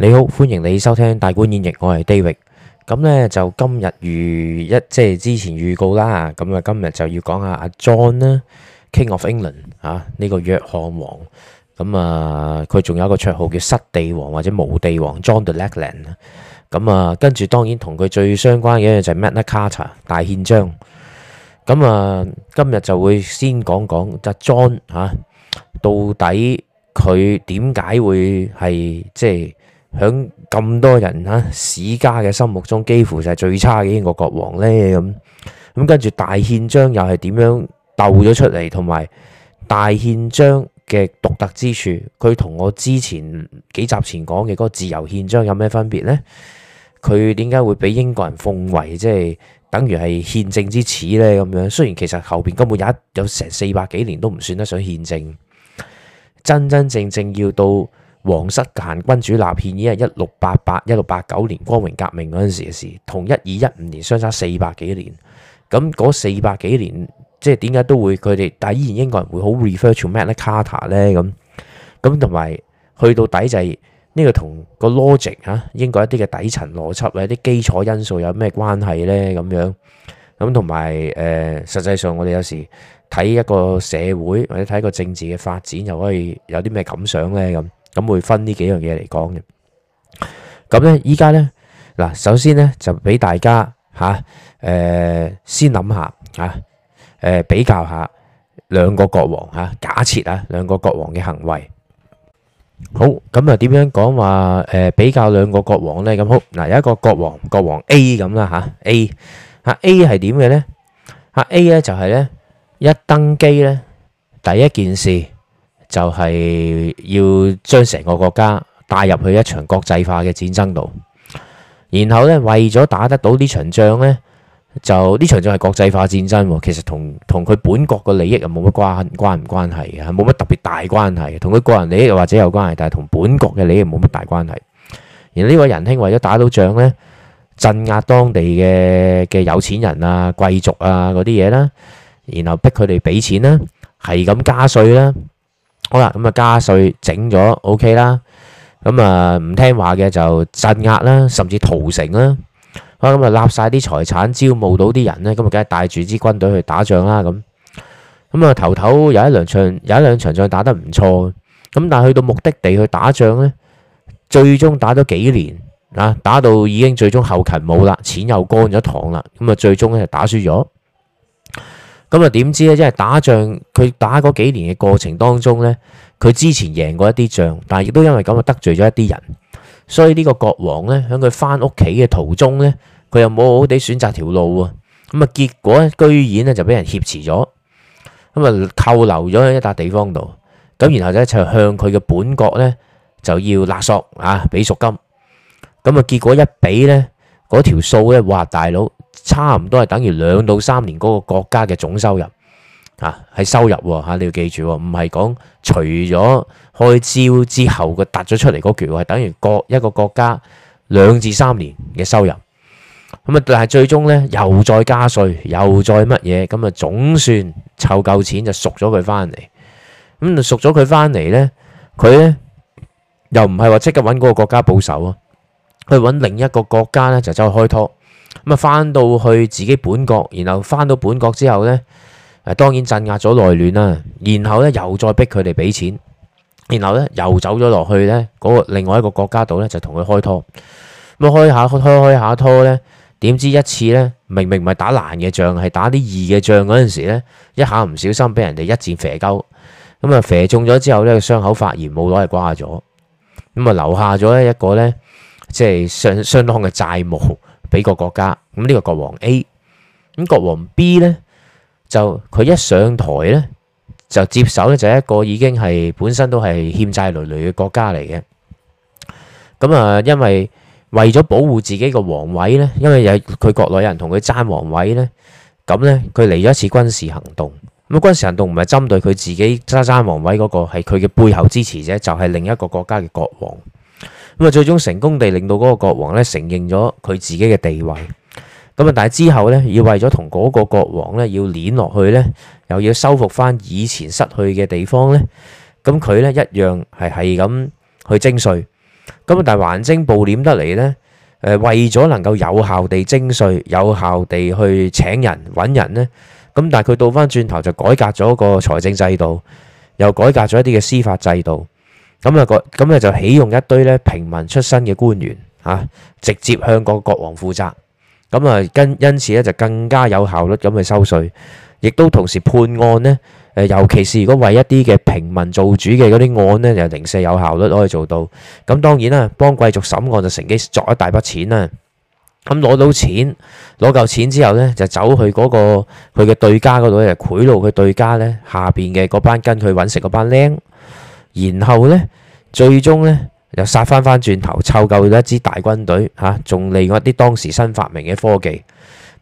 你好，歡迎你收聽《大觀演繹》，我係 David。咁呢，就今日如一即係之前預告啦，咁啊今日就要講下阿 John 咧，King of England 啊，呢個約翰王。咁啊，佢仲有一個綽號叫失地王或者無地王 John the Lackland。咁啊，跟住當然同佢最相關嘅一樣就係 Magna Carta 大憲章。咁啊，今日就會先講講即 John 啊，到底佢點解會係即係？響咁多人吓史家嘅心目中，幾乎就係最差嘅英國國王咧咁。咁跟住大憲章又係點樣鬥咗出嚟？同埋大憲章嘅獨特之處，佢同我之前幾集前講嘅嗰個自由憲章有咩分別咧？佢點解會俾英國人奉為即係等於係憲政之始咧？咁樣，雖然其實後邊根本有一有成四百幾年都唔算得上憲政，真真正正要到。王室間君主立憲已係一六八八一六八九年光榮革命嗰陣時嘅事，同一二一五年相差四百幾年，咁嗰四百幾年即係點解都會佢哋，但依然英國人會好 refer to Magna Carta 咧咁，咁同埋去到底就係、是、呢、這個同個 logic 嚇、啊、英國一啲嘅底層邏輯或者啲基礎因素有咩關係咧咁樣，咁同埋誒實際上我哋有時睇一個社會或者睇個政治嘅發展，又可以有啲咩感想咧咁。咁會分呢幾樣嘢嚟講嘅。咁咧，依家咧，嗱，首先咧就俾大家吓，誒，先諗下吓，誒，比較下兩個國王吓，假設啊，兩個國王嘅行為。好，咁啊，點樣講話？誒，比較兩個國王咧，咁好，嗱，有一個國王，國王 A 咁啦，吓 A 吓 A 係點嘅咧？吓 A 咧就係咧，一登基咧，第一件事。就係要將成個國家帶入去一場國際化嘅戰爭度，然後呢，為咗打得到呢場仗呢，就呢場仗係國際化戰爭。其實同同佢本國嘅利益又冇乜關關唔關係嘅，冇乜特別大關係。同佢個人利益又或者有關係，但係同本國嘅利益冇乜大關係。然後呢位仁兄為咗打到仗呢，鎮壓當地嘅嘅有錢人啊、貴族啊嗰啲嘢啦，然後逼佢哋俾錢啦、啊，係咁加稅啦、啊。好啦，咁啊加稅整咗 OK 啦，咁啊唔聽話嘅就鎮壓啦，甚至屠城啦，咁、嗯、啊立晒啲財產，招募到啲人咧，咁啊梗係帶住支軍隊去打仗啦，咁、嗯，咁啊頭頭有一兩場有一兩場仗打得唔錯，咁但係去到目的地去打仗咧，最終打咗幾年啊，打到已經最終後勤冇啦，錢又乾咗塘啦，咁啊最終咧就打輸咗。咁啊，點知咧？因為打仗，佢打嗰幾年嘅過程當中咧，佢之前贏過一啲仗，但係亦都因為咁啊得罪咗一啲人，所以呢個國王咧，喺佢翻屋企嘅途中咧，佢又冇好地選擇條路喎。咁啊，結果咧，居然咧就俾人挾持咗，咁啊扣留咗喺一笪地方度。咁然後咧就向佢嘅本國咧就要勒索啊，俾贖金。咁啊，結果一比咧，嗰條數咧，哇，大佬！差唔多係等於兩到三年嗰個國家嘅總收入啊，係收入吓，你要記住唔係講除咗開支之後嘅突咗出嚟嗰橛，係等於國一個國家兩至三年嘅收入。咁啊，但係最終咧又再加稅，又再乜嘢，咁啊總算湊夠錢就贖咗佢翻嚟。咁啊贖咗佢翻嚟咧，佢咧又唔係話即刻搵嗰個國家報仇啊，去搵另一個國家咧就走去開拖。咁啊，翻到去自己本國，然後翻到本國之後呢，誒，當然鎮壓咗內亂啦。然後咧又再逼佢哋俾錢，然後咧又走咗落去咧嗰個另外一個國家度咧，就同佢開拖咁啊，開下開開下拖咧，點知一次咧明明唔係打難嘅仗，係打啲易嘅仗嗰陣時咧，一下唔小心俾人哋一箭射鳩咁啊，射中咗之後咧，傷口發炎，冇攞嚟瓜咗，咁啊留下咗咧一個咧即係相相當嘅債務。俾個國家，咁呢個國王 A，咁國王 B 呢就佢一上台呢就接手呢就係一個已經係本身都係欠債累累嘅國家嚟嘅，咁啊因為為咗保護自己個皇位呢，因為有佢國內有人同佢爭皇位呢，咁呢佢嚟咗一次軍事行動，咁軍事行動唔係針對佢自己爭爭皇位嗰個，係佢嘅背後支持者就係另一個國家嘅國王。咁啊，最終成功地令到嗰個國王咧承認咗佢自己嘅地位。咁啊，但係之後咧，要為咗同嗰個國王咧要連落去咧，又要收復翻以前失去嘅地方咧，咁佢咧一樣係係咁去徵稅。咁但係橫徵暴斂得嚟咧，誒，為咗能夠有效地徵稅、有效地去請人揾人咧，咁但係佢到翻轉頭就改革咗個財政制度，又改革咗一啲嘅司法制度。咁啊，個咁咧就起用一堆咧平民出身嘅官員吓，直接向個國王負責。咁啊，跟因此咧就更加有效率咁去收稅，亦都同時判案咧。誒，尤其是如果為一啲嘅平民做主嘅嗰啲案咧，就零舍有效率可以做到。咁當然啦，幫貴族審案就乘機作一大筆錢啦。咁攞到錢，攞夠錢之後咧，就走去嗰個佢嘅對家嗰度咧，賄賂佢對家咧下邊嘅嗰班跟佢搵食嗰班僆然後呢，最終呢，又殺翻翻轉頭，湊夠咗一支大軍隊吓，仲利用一啲當時新發明嘅科技。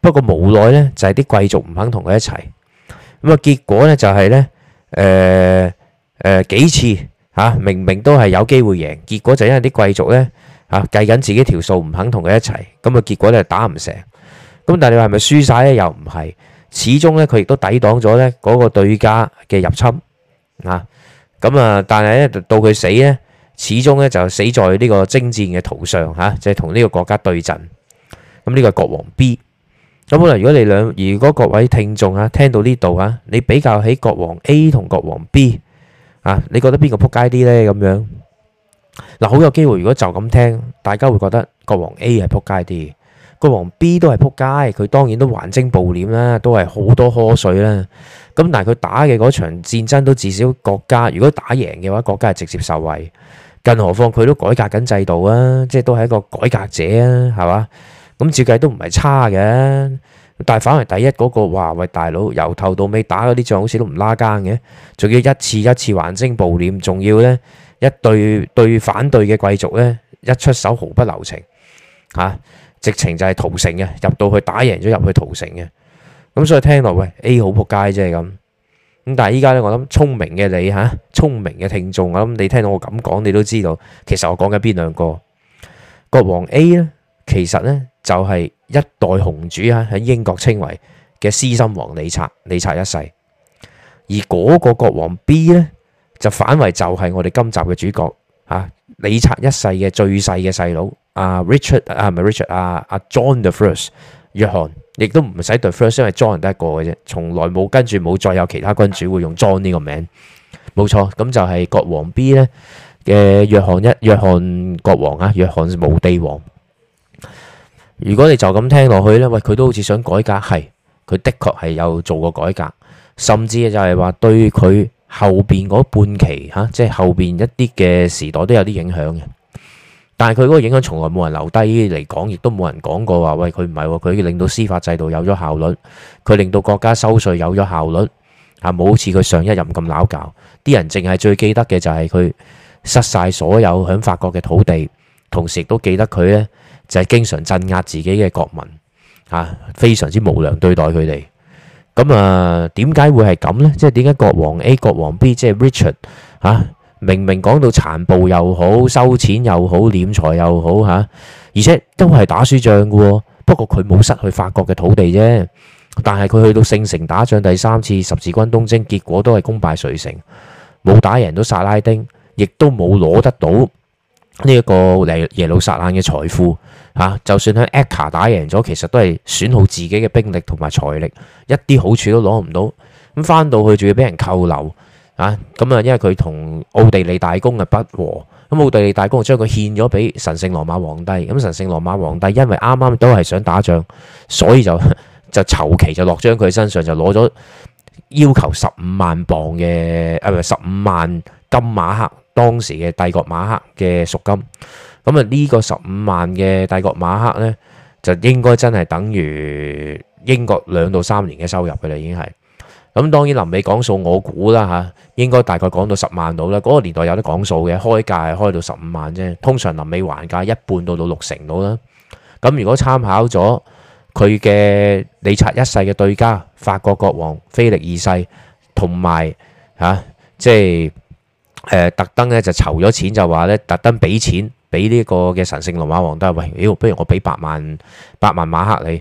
不過無奈呢，就係啲貴族唔肯同佢一齊。咁啊，結果呢，就係呢，誒、呃呃、幾次吓、啊，明明都係有機會贏，結果就因為啲貴族呢，吓、啊、計緊自己條數，唔肯同佢一齊。咁啊，結果呢，打唔成。咁但係你話係咪輸晒呢？又唔係。始終呢，佢亦都抵擋咗呢嗰個對家嘅入侵啊！咁啊！但係咧，到佢死咧，始終咧就死在呢個征戰嘅途上吓，就係同呢個國家對陣。咁呢個係國王 B。咁本來如果你兩，如果各位聽眾啊聽到呢度啊，你比較起國王 A 同國王 B 啊，你覺得邊個扑街啲咧？咁樣嗱，好有機會如果就咁聽，大家會覺得國王 A 係扑街啲。個王 B 都係撲街，佢當然都橫徵暴斂啦，都係好多苛稅啦。咁但係佢打嘅嗰場戰爭都至少國家如果打贏嘅話，國家係直接受惠。更何況佢都改革緊制度啊，即係都係一個改革者啊，係嘛？咁設計都唔係差嘅。但係反為第一嗰、嗰個華為大佬由頭到尾打嗰啲仗好，好似都唔拉更嘅，仲要一次一次橫徵暴斂，仲要呢，一對對反對嘅貴族呢，一出手毫不留情嚇。啊直情就係屠城嘅，入到去打贏咗入去屠城嘅。咁所以聽落喂 A 好撲街啫咁。咁但係依家咧，我諗聰明嘅你吓，聰明嘅聽眾，我諗你聽到我咁講，你都知道，其實我講緊邊兩個，國王 A 咧，其實咧就係一代雄主啊，喺英國稱為嘅獅心王李察，李察一世，而嗰個國王 B 咧就反為就係我哋今集嘅主角啊，李察一世嘅最細嘅細佬。啊，Richard 啊，唔係 Richard，阿阿 John the First，約翰，亦都唔使 the first，因為 John 得一個嘅啫，從來冇跟住冇再有其他君主會用 John 呢個名，冇錯，咁就係國王 B 咧嘅約翰一約翰國王啊，約翰無地王。如果你就咁聽落去咧，喂，佢都好似想改革，係佢的確係有做過改革，甚至就係話對佢後邊嗰半期嚇，即係後邊一啲嘅時代都有啲影響嘅。但係佢嗰個影響從來冇人留低嚟講，亦都冇人講過話。喂，佢唔係喎，佢令到司法制度有咗效率，佢令到國家收稅有咗效率。啊，冇好似佢上一任咁攪搞，啲人淨係最記得嘅就係佢失晒所有響法國嘅土地，同時亦都記得佢呢就係經常鎮壓自己嘅國民，啊，非常之無良對待佢哋。咁啊，呃，點解會係咁呢？即係點解國王 A、國王 B 即係 Richard 啊？明明講到殘暴又好，收錢又好，斂財又好吓，而且都係打輸仗嘅，不過佢冇失去法國嘅土地啫。但係佢去到聖城打仗第三次十字軍東征，結果都係功敗垂成，冇打贏到薩拉丁，亦都冇攞得到呢一個耶耶路撒冷嘅財富吓。就算喺阿卡打贏咗，其實都係損耗自己嘅兵力同埋財力，一啲好處都攞唔到。咁翻到去仲要俾人扣留。啊，咁啊，因為佢同奧地利大公嘅不和，咁奧地利大公就將佢獻咗俾神聖羅馬皇帝，咁神聖羅馬皇帝因為啱啱都係想打仗，所以就就籌期就落將佢身上就攞咗要求十五萬鎊嘅，啊唔係十五萬金馬克，當時嘅帝國馬克嘅贖金，咁啊呢個十五萬嘅帝國馬克呢，就應該真係等於英國兩到三年嘅收入㗎喇，已經係。咁當然臨尾講數，我估啦嚇，應該大概講到十萬到啦。嗰、那個年代有得講數嘅，開價係開到十五萬啫。通常臨尾還價一半到到六成到啦。咁如果參考咗佢嘅理察一世嘅對家法國國王菲力二世，同埋嚇，即係誒特登咧就籌咗錢就話咧特登俾錢俾呢個嘅神聖羅馬皇帝，喂、呃，不如我俾八萬八萬馬克你。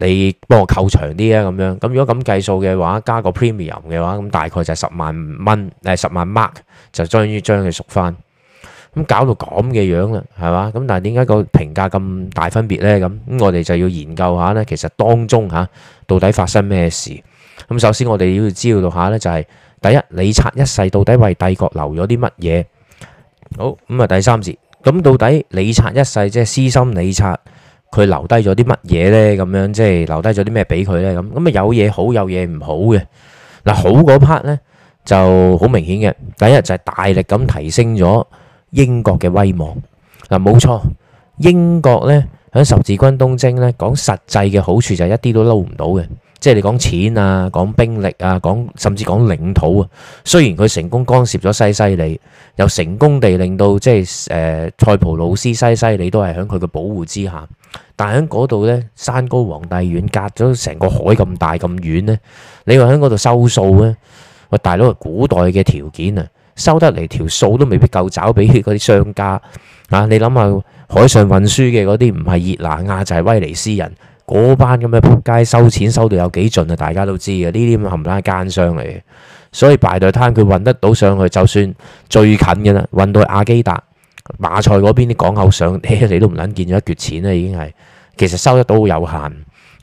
你幫我扣長啲啊，咁樣咁如果咁計數嘅話，加個 premium 嘅話，咁大概就係十萬蚊，誒、呃、十萬 mark 就將於將佢贖翻。咁搞到咁嘅樣啦，係嘛？咁但係點解個評價咁大分別呢？咁咁我哋就要研究下呢，其實當中吓、啊，到底發生咩事？咁首先我哋要知道到下呢、就是，就係第一李察一世到底為帝國留咗啲乜嘢？好咁啊，第三節咁到底李察一世即係、就是、私心李察。佢留低咗啲乜嘢呢？咁樣即係留低咗啲咩俾佢呢？咁咁啊，有嘢好，有嘢唔好嘅嗱、啊。好嗰 part 呢就好明顯嘅，第一日就係、是、大力咁提升咗英國嘅威望嗱。冇、啊、錯，英國呢，喺十字軍東征呢，講實際嘅好處就係一啲都撈唔到嘅，即係你講錢啊、講兵力啊、講甚至講領土啊。雖然佢成功干涉咗西西里，又成功地令到即係誒、呃、塞浦魯斯西，西西里都係喺佢嘅保護之下。但喺嗰度呢，山高皇帝遠，隔咗成個海咁大咁遠呢，你話喺嗰度收數呢？喂大佬，古代嘅條件啊，收得嚟條數都未必夠找俾佢嗰啲商家啊！你諗下海上運輸嘅嗰啲，唔係熱那亞就係、是、威尼斯人嗰班咁嘅撲街收錢收到有幾盡啊！大家都知嘅，呢啲冚唪唥奸商嚟嘅，所以排隊攤佢運得到上去，就算最近嘅啦，運到去亞基達。馬賽嗰邊啲港口上，你都唔諗見咗一撅錢啦，已經係，其實收得到好有限，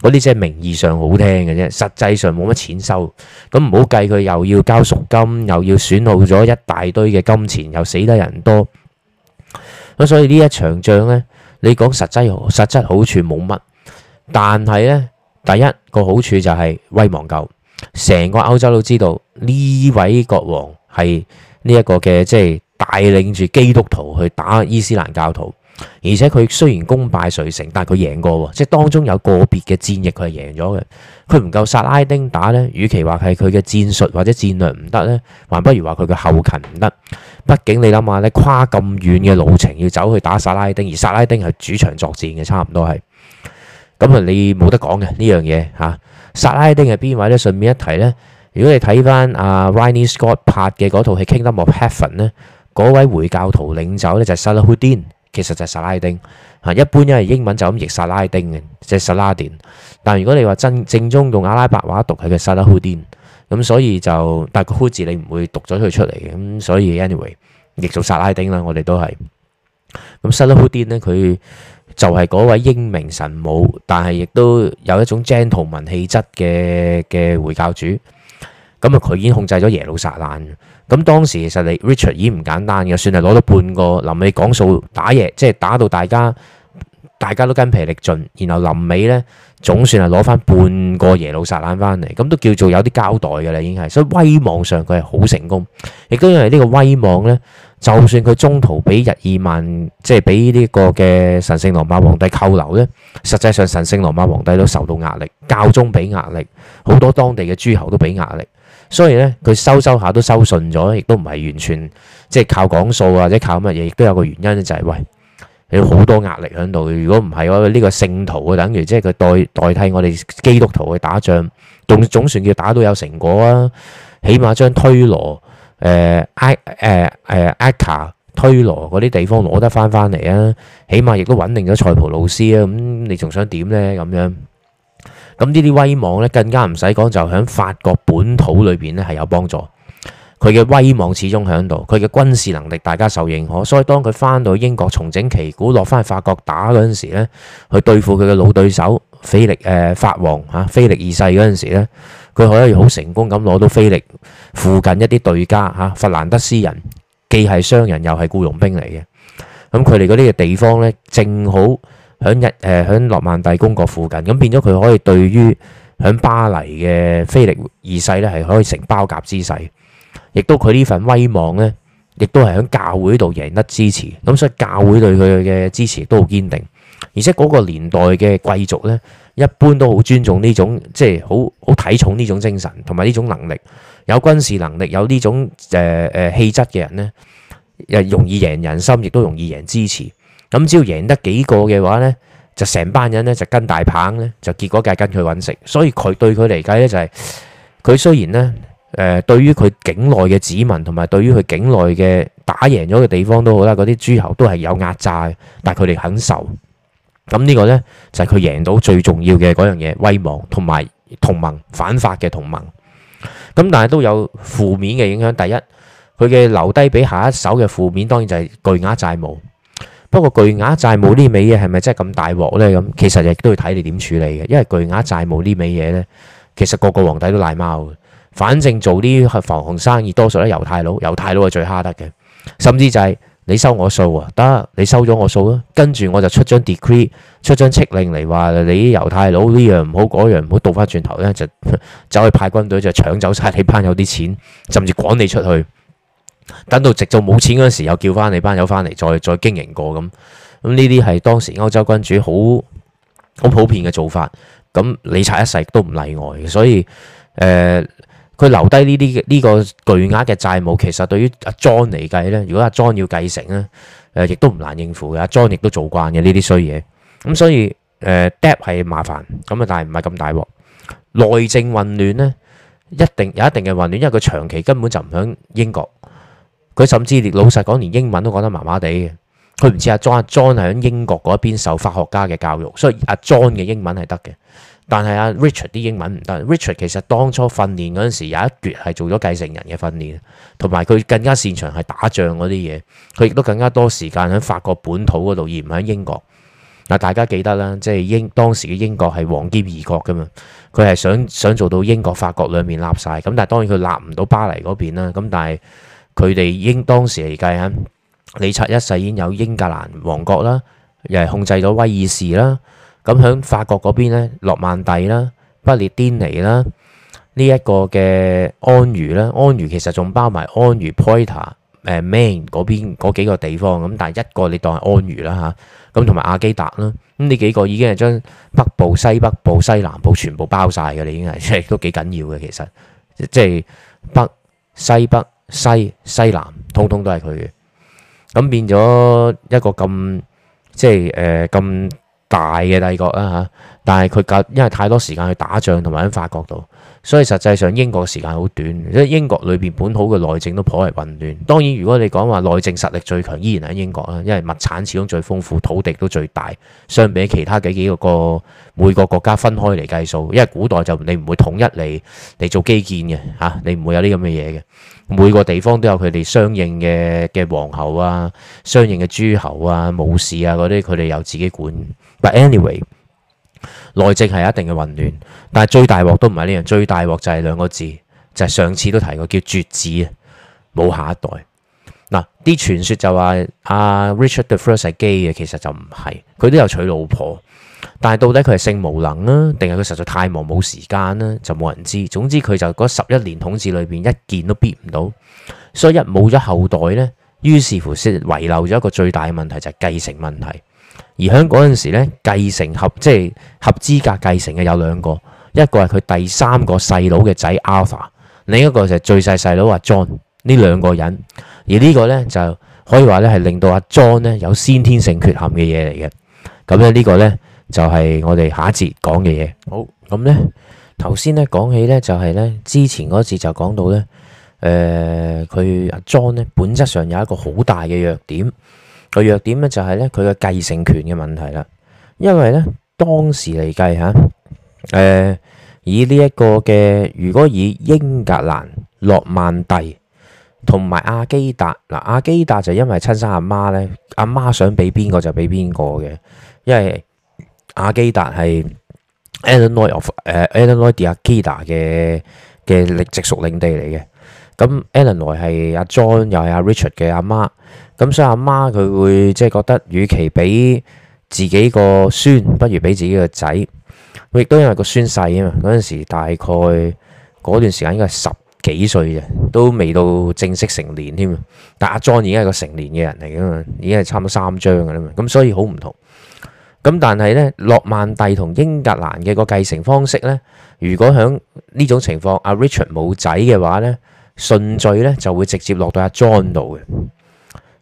嗰啲即係名義上好聽嘅啫，實際上冇乜錢收。咁唔好計佢又要交贖金，又要損耗咗一大堆嘅金錢，又死得人多。咁所以呢一場仗呢，你講實質實質好處冇乜，但係呢，第一個好處就係威望夠，成個歐洲都知道呢位國王係呢一個嘅即係。帶領住基督徒去打伊斯蘭教徒，而且佢雖然功敗垂成，但係佢贏過，即係當中有個別嘅戰役佢係贏咗嘅。佢唔夠薩拉丁打呢？與其話係佢嘅戰術或者戰略唔得呢？還不如話佢嘅後勤唔得。畢竟你諗下咧，跨咁遠嘅路程要走去打薩拉丁，而薩拉丁係主場作戰嘅，差唔多係咁啊。你冇得講嘅呢樣嘢吓。薩拉丁係邊位呢？順便一提呢：如果你睇翻阿 Ridley Scott 拍嘅嗰套戲《Kingdom of Heaven》呢。嗰位回教徒領袖咧就係 Salahudin，其實就係薩拉丁嚇，一般因為英文就咁譯薩拉丁嘅，即係 Saladin。但如果你話真正宗用阿拉伯話讀係佢 Salahudin，咁所以就但個 h u 字你唔會讀咗佢出嚟嘅，咁所以 anyway 譯做薩拉丁啦，我哋都係。咁 Salahudin 咧佢就係嗰位英明神武，但係亦都有一種 gentleman 氣質嘅嘅回教主。咁啊！佢已經控制咗耶路撒冷。咁當時其實嚟 Richard 已經唔簡單嘅，算係攞到半個臨尾講數打贏，即係打到大家大家都筋疲力盡。然後臨尾呢，總算係攞翻半個耶路撒冷翻嚟，咁都叫做有啲交代㗎啦。已經係所以威望上佢係好成功，亦都因為呢個威望呢，就算佢中途俾日耳曼即係俾呢個嘅神聖羅馬皇帝扣留呢，實際上神聖羅馬皇帝都受到壓力，教宗俾壓力，好多當地嘅諸侯都俾壓力。所以咧，佢收收下都收信咗，亦都唔係完全即係靠講數啊，或者靠乜嘢，亦都有個原因就係、是、喂，你有好多壓力喺度。如果唔係喎，呢個聖徒啊，等於即係佢代代替我哋基督徒去打仗，總總算要打到有成果啊，起碼將推羅誒埃誒誒埃卡推羅嗰啲地方攞得返返嚟啊，起碼亦都穩定咗塞浦路斯啊，咁、嗯、你仲想點咧咁樣呢？咁呢啲威望咧，更加唔使講，就喺法國本土裏邊咧，係有幫助。佢嘅威望始終喺度，佢嘅軍事能力大家受認可，所以當佢翻到英國重整旗鼓，落翻去法國打嗰陣時咧，去對付佢嘅老對手菲力誒、呃、法王嚇菲力二世嗰陣時咧，佢可以好成功咁攞到菲力附近一啲對家嚇佛蘭德斯人，既係商人又係僱傭兵嚟嘅，咁佢哋嗰啲嘅地方咧，正好。喺日誒喺諾曼帝公國附近，咁變咗佢可以對於喺巴黎嘅菲力二世咧，係可以成包夾之勢，亦都佢呢份威望咧，亦都係喺教會度贏得支持。咁所以教會對佢嘅支持都好堅定，而且嗰個年代嘅貴族咧，一般都好尊重呢種即係好好睇重呢種精神同埋呢種能力，有軍事能力有種、呃呃、氣呢種誒誒氣質嘅人咧，容易贏人心，亦都容易贏支持。咁只要贏得幾個嘅話咧，就成班人咧就跟大棒咧，就結果梗係跟佢揾食。所以佢對佢嚟計咧就係，佢雖然咧誒對於佢境內嘅子民同埋對於佢境內嘅打贏咗嘅地方都好啦，嗰啲諸侯都係有壓榨，但係佢哋肯受。咁呢個咧就係佢贏到最重要嘅嗰樣嘢，威望同埋同盟反法嘅同盟。咁但係都有負面嘅影響。第一，佢嘅留低俾下一手嘅負面，當然就係巨額債務。不過巨額債務呢味嘢係咪真係咁大鑊呢？咁其實亦都要睇你點處理嘅，因為巨額債務呢味嘢呢，其實個個皇帝都賴貓嘅。反正做啲防洪生意多數都係猶太佬，猶太佬係最蝦得嘅。甚至就係、是、你收我數啊，得你收咗我數啊，跟住我就出張 decree、出張斥令嚟話你啲猶太佬呢樣唔好、嗰樣唔好，倒翻轉頭呢就 走去派軍隊就搶走晒你班友啲錢，甚至趕你出去。等到直到冇錢嗰時，又叫翻你班友翻嚟，再再經營過咁，咁呢啲係當時歐洲君主好好普遍嘅做法。咁理查一世都唔例外嘅，所以誒佢、呃、留低呢啲呢個巨額嘅債務，其實對於阿 John 嚟計咧，如果阿 John 要繼承咧，誒、呃、亦都唔難應付嘅。阿、啊、John 亦都做慣嘅呢啲衰嘢，咁，所以誒 debt 係麻煩咁啊，但係唔係咁大鑊。內政混亂咧，一定有一定嘅混亂，因為佢長期根本就唔響英國。佢甚至連老實講，連英文都講得麻麻地嘅。佢唔似阿 John，John 係喺英國嗰邊受法學家嘅教育，所以阿 John 嘅英文係得嘅。但係阿 Richard 啲英文唔得。Richard 其實當初訓練嗰陣時，有一段係做咗繼承人嘅訓練，同埋佢更加擅長係打仗嗰啲嘢。佢亦都更加多時間喺法國本土嗰度，而唔喺英國。嗱，大家記得啦，即係英當時嘅英國係王兼二國㗎嘛？佢係想想做到英國法國兩面立晒，咁，但係當然佢立唔到巴黎嗰邊啦。咁但係。佢哋英當時嚟計嚇，理察一世已經有英格蘭王國啦，又係控制咗威爾士啦。咁喺法國嗰邊咧，諾曼第啦、不列顛尼啦，呢一個嘅安茹啦，安茹其實仲包埋安茹 Poitou、誒 Maine 嗰邊嗰幾個地方咁，但係一個你當係安茹啦嚇，咁同埋阿基達啦，咁呢幾個已經係將北部、西北部、西南部全部包曬㗎啦，已經係都幾緊要嘅。其實即係北西北。西西南，通通都係佢嘅，咁變咗一個咁即係誒咁大嘅帝國啦。吓，但係佢教因為太多時間去打仗，同埋喺法國度。所以實際上英國時間好短，因為英國裏邊本土嘅內政都頗為混亂。當然，如果你講話內政實力最強，依然喺英國啦，因為物產始終最豐富，土地都最大。相比其他幾幾個個每個國家分開嚟計數，因為古代就你唔會統一嚟嚟做基建嘅嚇，你唔會有啲咁嘅嘢嘅。每個地方都有佢哋相應嘅嘅皇后啊，相應嘅諸侯啊、武士啊嗰啲，佢哋有自己管。But anyway. 內政係一定嘅混亂，但係最大鑊都唔係呢樣，最大鑊就係兩個字，就係、是、上次都提過叫絕子啊，冇下一代。嗱，啲傳說就話阿、啊、Richard the First 係 gay 嘅，其實就唔係，佢都有娶老婆，但係到底佢係性無能啊，定係佢實在太忙冇時間啦，就冇人知。總之佢就嗰十一年統治裏邊一件都逼唔到，所以一冇咗後代呢，於是乎先遺留咗一個最大嘅問題就係、是、繼承問題。而喺嗰陣時咧，繼承合即係合資格繼承嘅有兩個，一個係佢第三個細佬嘅仔 Alpha，另一個就係最細細佬阿 John 呢兩個人。而呢個咧就可以話咧係令到阿 John 咧有先天性缺陷嘅嘢嚟嘅。咁咧呢個咧就係我哋下一節講嘅嘢。好，咁咧頭先咧講起咧就係咧之前嗰節就講到咧，誒佢阿 John 咧本質上有一個好大嘅弱點。個弱點咧就係咧佢嘅繼承權嘅問題啦，因為咧當時嚟計吓，誒、呃、以呢一個嘅，如果以英格蘭、諾曼第同埋阿基達嗱、呃，阿基達就因為親生阿媽咧，阿媽，媽想俾邊個就俾邊個嘅，因為阿基達係 Eleanor of 誒 Eleanor of 阿基達嘅嘅直直屬領地嚟嘅。咁 Ellen 來係阿 John 又係阿 Richard 嘅阿媽，咁所以阿媽佢會即係覺得，與其俾自己個孫，不如俾自己個仔。佢亦都因為個孫細啊嘛，嗰陣時大概嗰段時間應該係十幾歲啫，都未到正式成年添。但阿 John 已經係個成年嘅人嚟噶嘛，已經係差唔多三張噶啦嘛，咁所以好唔同。咁但係呢，諾曼第同英格蘭嘅個繼承方式呢，如果響呢種情況，阿 Richard 冇仔嘅話呢，順序咧就會直接落到阿 John 度嘅，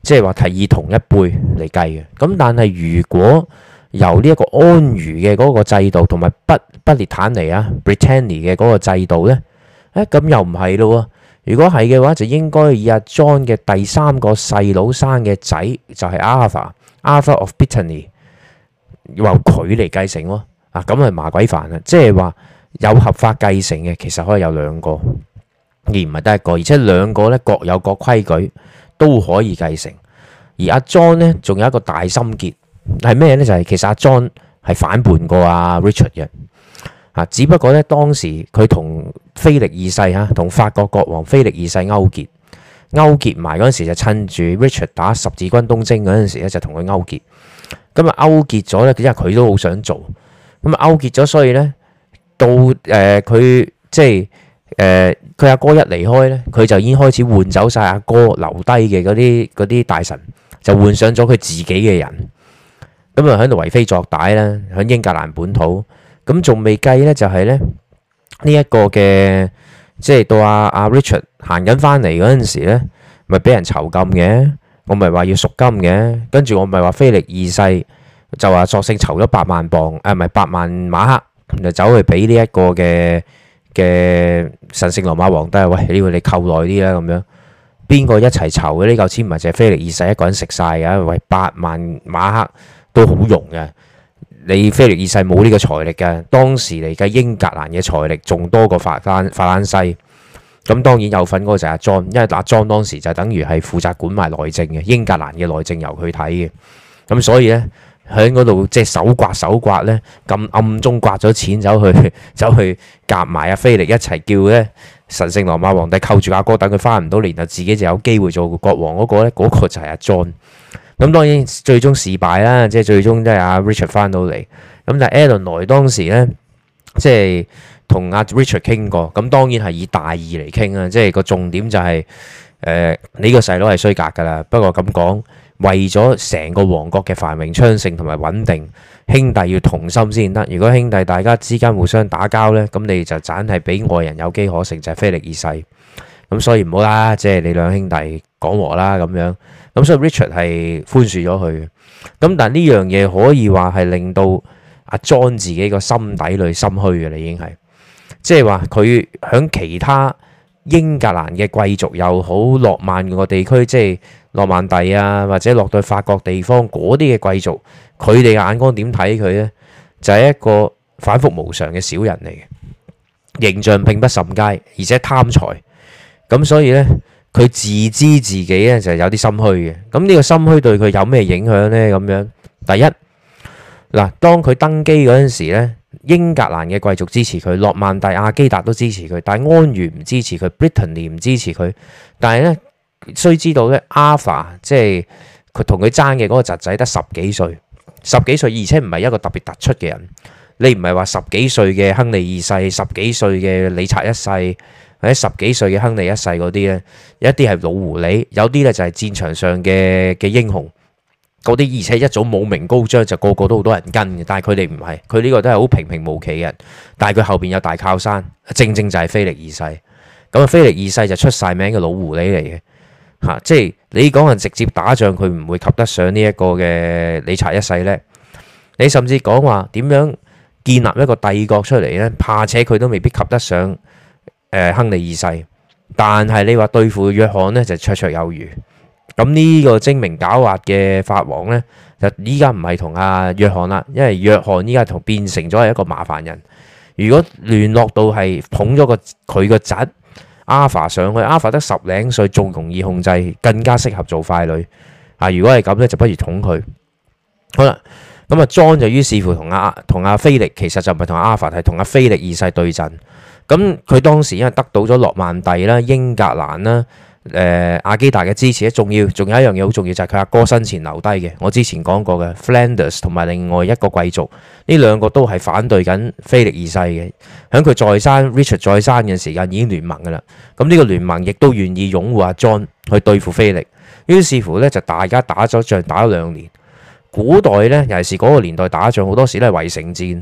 即係話提議同一輩嚟計嘅。咁但係如果由呢一個安茹嘅嗰個制度同埋不不列坦尼啊 Brittany 嘅嗰個制度咧，誒、欸、咁又唔係咯？如果係嘅話，就應該以阿 John 嘅第三個細佬生嘅仔就係 Arthur Arthur of Brittany 由佢嚟繼承喎。嗱，咁啊，麻鬼煩啊！煩，即係話有合法繼承嘅其實可以有兩個。而唔係得一個，而且兩個咧各有各規矩，都可以繼承。而阿 John 咧，仲有一個大心結係咩呢？就係、是、其實阿 John 係反叛過阿 Richard 嘅。只不過咧，當時佢同菲力二世嚇，同法國國王菲力二世勾結，勾結埋嗰陣時就趁住 Richard 打十字軍東征嗰陣時咧，就同佢勾結。咁啊，勾結咗咧，因為佢都好想做。咁啊，勾結咗，所以呢，到誒佢即係。呃，佢阿哥一離開咧，佢就已經開始換走晒阿哥留低嘅嗰啲嗰啲大臣，就換上咗佢自己嘅人，咁啊喺度為非作歹啦，喺英格蘭本土，咁仲未計咧就係咧呢一個嘅，即係到阿阿 Richard 行緊翻嚟嗰陣時咧，咪俾人囚禁嘅，我咪話要贖金嘅，跟住我咪話菲力二世就話索性籌咗八萬磅呃，唔係八萬馬克，就走去俾呢一個嘅。呃，嘅神聖羅馬皇帝喂，呢個你扣耐啲啦咁樣，邊個一齊籌嘅呢嚿錢唔係淨係菲利二世一個人食晒噶，喂八萬馬克都好用噶，你菲利二世冇呢個財力噶，當時嚟計英格蘭嘅財力仲多過法蘭法蘭西，咁當然有份嗰個就係阿莊，因為阿莊當時就等於係負責管埋內政嘅，英格蘭嘅內政由佢睇嘅，咁所以呢。喺嗰度即係手刮手刮咧，咁暗中刮咗錢走去走去夾埋阿菲力一齊叫咧，神聖羅馬皇帝扣住阿哥等佢翻唔到嚟，然後自己就有機會做國王嗰個咧，嗰個就係阿 John。咁當然最終事敗啦，即係最終即係阿 Richard 翻到嚟。咁但係 Alan 來當時咧，即係同阿 Richard 傾過，咁當然係以大義嚟傾啊，即係個重點就係誒你個細佬係衰格噶啦，不過咁講。為咗成個王國嘅繁榮昌盛同埋穩定，兄弟要同心先得。如果兄弟大家之間互相打交呢，咁你就盞係俾外人有機可乘，就係、是、菲力二世。咁所以唔好啦，即、就、係、是、你兩兄弟講和啦咁樣。咁所以 Richard 係寬恕咗佢。咁但呢樣嘢可以話係令到阿 John 自己個心底裏心虛嘅。你已經係，即係話佢喺其他英格蘭嘅貴族又好，諾曼個地區即係。就是諾曼第啊，或者落到法國地方嗰啲嘅貴族，佢哋眼光點睇佢呢？就係一個反覆無常嘅小人嚟嘅，形象並不甚佳，而且貪財。咁所以呢，佢自知自己呢就係有啲心虛嘅。咁呢個心虛對佢有咩影響呢？咁樣，第一嗱，當佢登基嗰陣時呢，英格蘭嘅貴族支持佢，諾曼第阿基達都支持佢，但係安茹唔支持佢，Brittany 唔支持佢。但係呢。雖知道咧，阿爾即係佢同佢爭嘅嗰個侄仔得十幾歲，十幾歲，而且唔係一個特別突出嘅人。你唔係話十幾歲嘅亨利二世，十幾歲嘅李察一世，或者十幾歲嘅亨利一世嗰啲咧，有一啲係老狐狸，有啲咧就係戰場上嘅嘅英雄嗰啲，而且一早冇名高張就個個都好多人跟嘅。但係佢哋唔係，佢呢個都係好平平無奇嘅人。但係佢後邊有大靠山，正正就係菲力二世咁啊。菲力二世就出晒名嘅老狐狸嚟嘅。吓，即係你講人直接打仗，佢唔會及得上呢一個嘅理查一世呢。你甚至講話點樣建立一個帝國出嚟呢？怕且佢都未必及得上誒、呃、亨利二世。但係你話對付約翰呢，就綽綽有餘。咁呢個精明狡猾嘅法王呢，就依家唔係同阿約翰啦，因為約翰依家同變成咗係一個麻煩人。如果聯絡到係捧咗個佢個侄。阿法上去，阿法得十零歲，仲容易控制，更加適合做傀儡。啊，如果係咁咧，就不如捅佢。好啦，咁啊，莊就於是乎同阿同阿菲力，其實就唔係同阿阿法，係同阿菲力二世對陣。咁佢當時因為得到咗諾曼第啦、英格蘭啦。誒、呃、阿基達嘅支持重要，仲有一樣嘢好重要就係佢阿哥生前留低嘅，我之前講過嘅 Flanders 同埋另外一個貴族，呢兩個都係反對緊菲力二世嘅。喺佢在生，Richard 在生嘅時間已經聯盟㗎喇。咁呢個聯盟亦都願意擁護阿 John 去對付菲力。於是乎呢，就大家打咗仗打咗兩年。古代呢，尤其是嗰個年代打仗好多時都係圍城戰，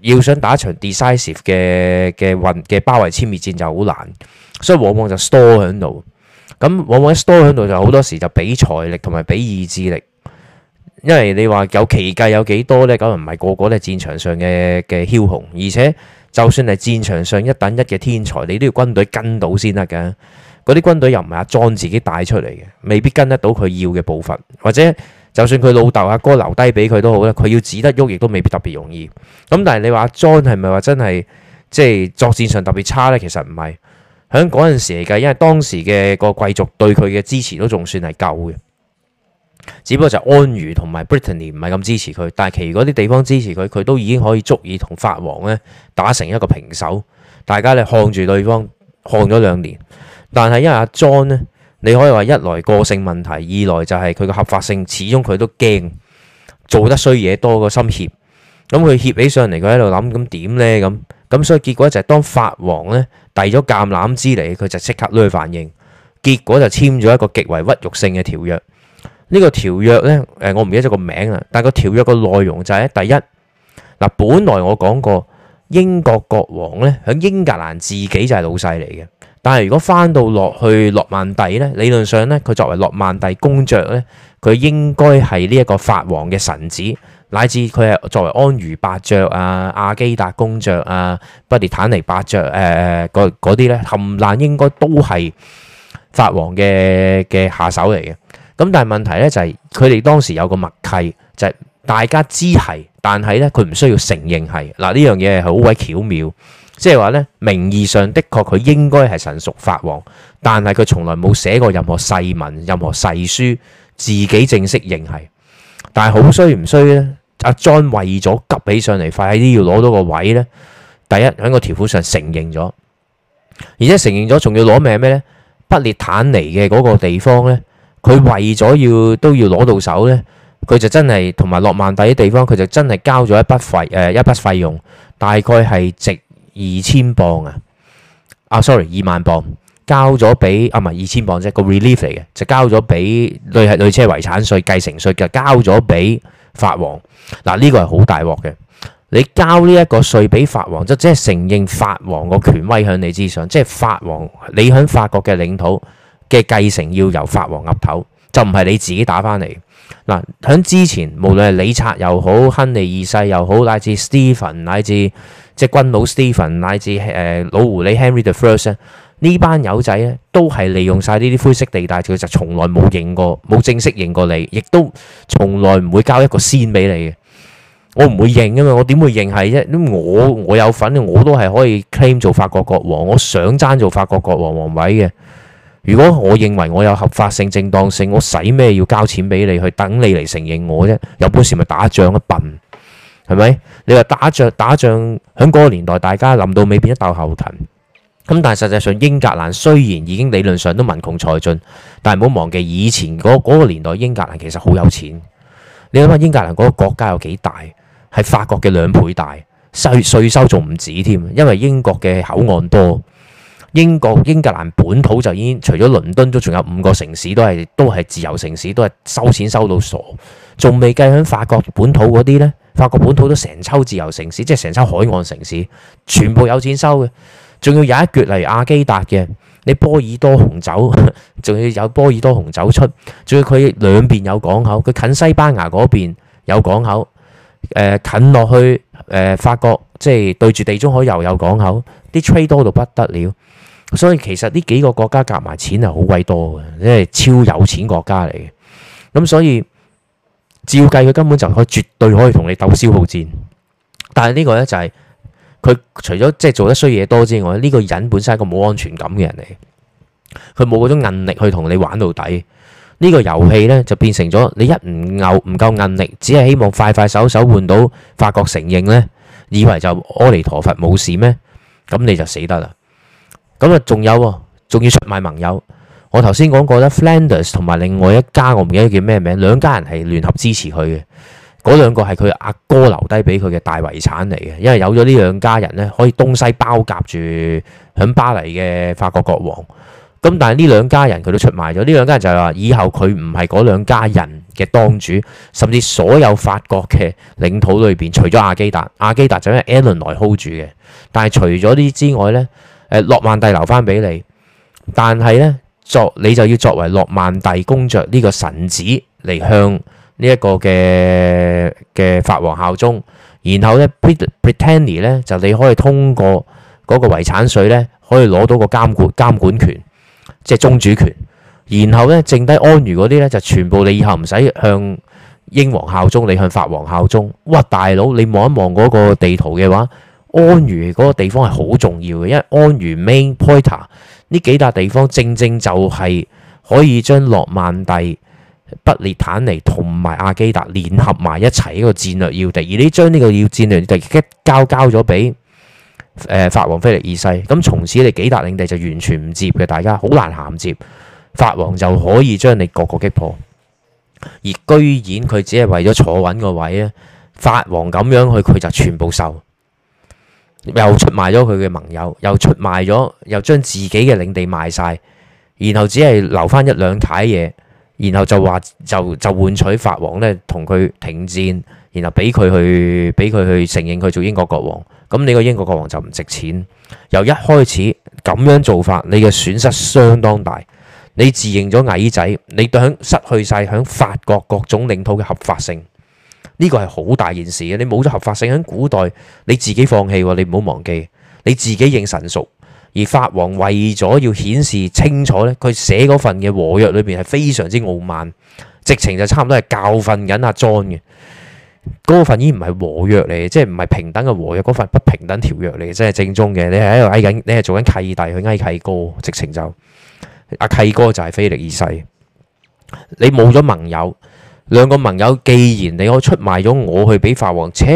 要想打一場 decisive 嘅嘅運嘅包圍殲滅戰就好難，所以往往就 store 喺度。咁往往 store 喺度就好多時就比財力同埋比意志力，因為你話有奇計有幾多呢？咁唔係個個都係戰場上嘅嘅梟雄，而且就算係戰場上一等一嘅天才，你都要軍隊跟到先得噶，嗰啲軍隊又唔係阿 John 自己帶出嚟嘅，未必跟得到佢要嘅部分，或者就算佢老豆阿哥留低俾佢都好啦，佢要只得喐亦都未必特別容易。咁但係你話阿 John 係咪話真係即係作戰上特別差呢？其實唔係。喺嗰陣時嚟計，因為當時嘅個貴族對佢嘅支持都仲算係夠嘅，只不過就安茹同埋 Brittany 唔係咁支持佢，但係其餘嗰啲地方支持佢，佢都已經可以足以同法王咧打成一個平手，大家咧看住對方看咗兩年。但係因為阿 John 咧，你可以話一來個性問題，二來就係佢嘅合法性，始終佢都驚做得衰嘢多過心怯，咁佢怯起上嚟，佢喺度諗咁點呢？咁，咁所以結果就係當法王呢。遞咗橄欖枝嚟，佢就即刻攞去反應，結果就簽咗一個極為屈辱性嘅條約。呢、這個條約呢，誒，我唔記得咗個名啦。但係個條約個內容就喺、是、第一嗱。本來我講過，英國國王呢，響英格蘭自己就係老細嚟嘅。但係如果翻到落去諾曼底呢，理論上呢，佢作為諾曼底公爵呢，佢應該係呢一個法王嘅臣子。乃至佢係作為安茹伯爵啊、阿基達公爵啊、不列坦尼伯爵、啊，誒嗰啲咧，冚爛應該都係法王嘅嘅下手嚟嘅。咁但係問題咧就係佢哋當時有個默契，就係、是、大家知係，但係咧佢唔需要承認係。嗱呢樣嘢係好鬼巧妙，即係話咧，名義上的確佢應該係臣屬法王，但係佢從來冇寫過任何誓文、任何誓書，自己正式認係。但係好衰唔衰呢？阿 John 為咗急起上嚟，快啲要攞到個位呢？第一喺個條款上承認咗，而且承認咗，仲要攞命咩呢？不列坦尼嘅嗰個地方呢，佢為咗要都要攞到手呢，佢就真係同埋諾曼第地方，佢就真係交咗一筆費誒，一筆費用大概係值二千鎊啊。啊，sorry，二萬鎊。交咗俾啊，唔係二千磅啫，個 relief 嚟嘅就交咗俾類係類似遺產稅、繼承稅就交咗俾法王嗱呢、啊呢個係好大鑊嘅。你交呢一個稅俾法王，就即係承認法王個權威喺你之上，即係法王你喺法國嘅領土嘅繼承要由法王岌頭，就唔係你自己打翻嚟嗱。喺、啊、之前，無論係李察又好，亨利二世又好，乃至 Stephen 乃至即係軍佬 Stephen，乃至誒、呃、老狐狸 Henry the First 呢班友仔咧，都係利用晒呢啲灰色地帶，佢就從來冇認過，冇正式認過你，亦都從來唔會交一個先俾你嘅。我唔會認啊嘛，我點會認係啫？咁我我有份，我都係可以 claim 做法國國王，我想爭做法國國王皇位嘅。如果我認為我有合法性、正當性，我使咩要交錢俾你去等你嚟承認我啫？有本事咪打仗咯，笨，係咪？你話打仗打仗喺嗰個年代，大家臨到尾變咗鬥後勤。咁但係，實際上英格蘭雖然已經理論上都民窮財盡，但係唔好忘記以前嗰個年代，英格蘭其實好有錢。你諗下，英格蘭嗰個國家有幾大？係法國嘅兩倍大，稅稅收仲唔止添，因為英國嘅口岸多。英國英格蘭本土就已經除咗倫敦，都仲有五個城市都係都係自由城市，都係收錢收到傻，仲未計響法國本土嗰啲呢。法國本土都成抽自由城市，即係成抽海岸城市，全部有錢收嘅。仲要有一撅嚟阿基達嘅，你波爾多紅酒仲要有波爾多紅酒出，仲要佢兩邊有港口，佢近西班牙嗰邊有港口，誒、呃、近落去誒，發、呃、國即係對住地中海又有港口，啲 trade 多到不得了，所以其實呢幾個國家夾埋錢係好鬼多嘅，即係超有錢國家嚟嘅。咁所以照計佢根本就可以絕對可以同你鬥消耗戰，但係呢個咧就係、是。佢除咗即係做得衰嘢多之外，呢個人本身係一個冇安全感嘅人嚟，佢冇嗰種韌力去同你玩到底。呢個遊戲咧就變成咗你一唔牛唔夠韌力，只係希望快快手手換到法國承認咧，以為就阿彌陀佛冇事咩？咁你就死得啦。咁啊，仲有喎，仲要出賣盟友。我頭先講過啦，Flanders 同埋另外一家我唔記得叫咩名，兩家人係聯合支持佢嘅。嗰兩個係佢阿哥留低俾佢嘅大遺產嚟嘅，因為有咗呢兩家人咧，可以東西包夾住喺巴黎嘅法國國王。咁但係呢兩家人佢都出賣咗，呢兩家人就係話以後佢唔係嗰兩家人嘅當主，甚至所有法國嘅領土裏邊，除咗阿基達，阿基達就因為艾倫來 hold 住嘅。但係除咗呢之外咧，誒諾曼第留翻俾你，但係咧作你就要作為諾曼第公爵呢個臣子嚟向呢一個嘅嘅法王效忠，然後咧 Brittany 咧就你可以通過嗰個遺產稅咧，可以攞到個監管監管權，即係宗主權。然後咧剩低安茹嗰啲咧就全部你以後唔使向英王效忠，你向法王效忠。哇，大佬你望一望嗰個地圖嘅話，安茹嗰個地方係好重要嘅，因為安茹 Main Pointer 呢幾笪地方正正就係可以將洛曼帝。不列坦尼同埋阿基達聯合埋一齊一個戰略要地，而你將呢個要戰略要地交交咗俾誒法王腓力二世，咁從此你幾大領地就完全唔接嘅，大家好難銜接。法王就可以將你個個擊破，而居然佢只係為咗坐穩個位啊！法王咁樣去，佢就全部受，又出賣咗佢嘅盟友，又出賣咗，又將自己嘅領地賣晒，然後只係留返一兩攋嘢。然後就話就就換取法王呢，同佢停戰，然後俾佢去俾佢去承認佢做英國國王。咁你個英國國王就唔值錢。由一開始咁樣做法，你嘅損失相當大。你自認咗矮仔，你都響失去晒響法國各種領土嘅合法性。呢個係好大件事嘅。你冇咗合法性，響古代你自己放棄，你唔好忘記，你自己認神屬。而法王為咗要顯示清楚咧，佢寫嗰份嘅和約裏邊係非常之傲慢，直情就差唔多係教訓緊阿 John 嘅。嗰份已經唔係和約嚟嘅，即係唔係平等嘅和約，嗰份不平等條約嚟嘅，即係正宗嘅。你係喺度嗌緊，你係做緊契弟去嗌契哥，直情就阿契哥就係菲力二世。你冇咗盟友，兩個盟友既然你可以我出賣咗我去俾法王，車！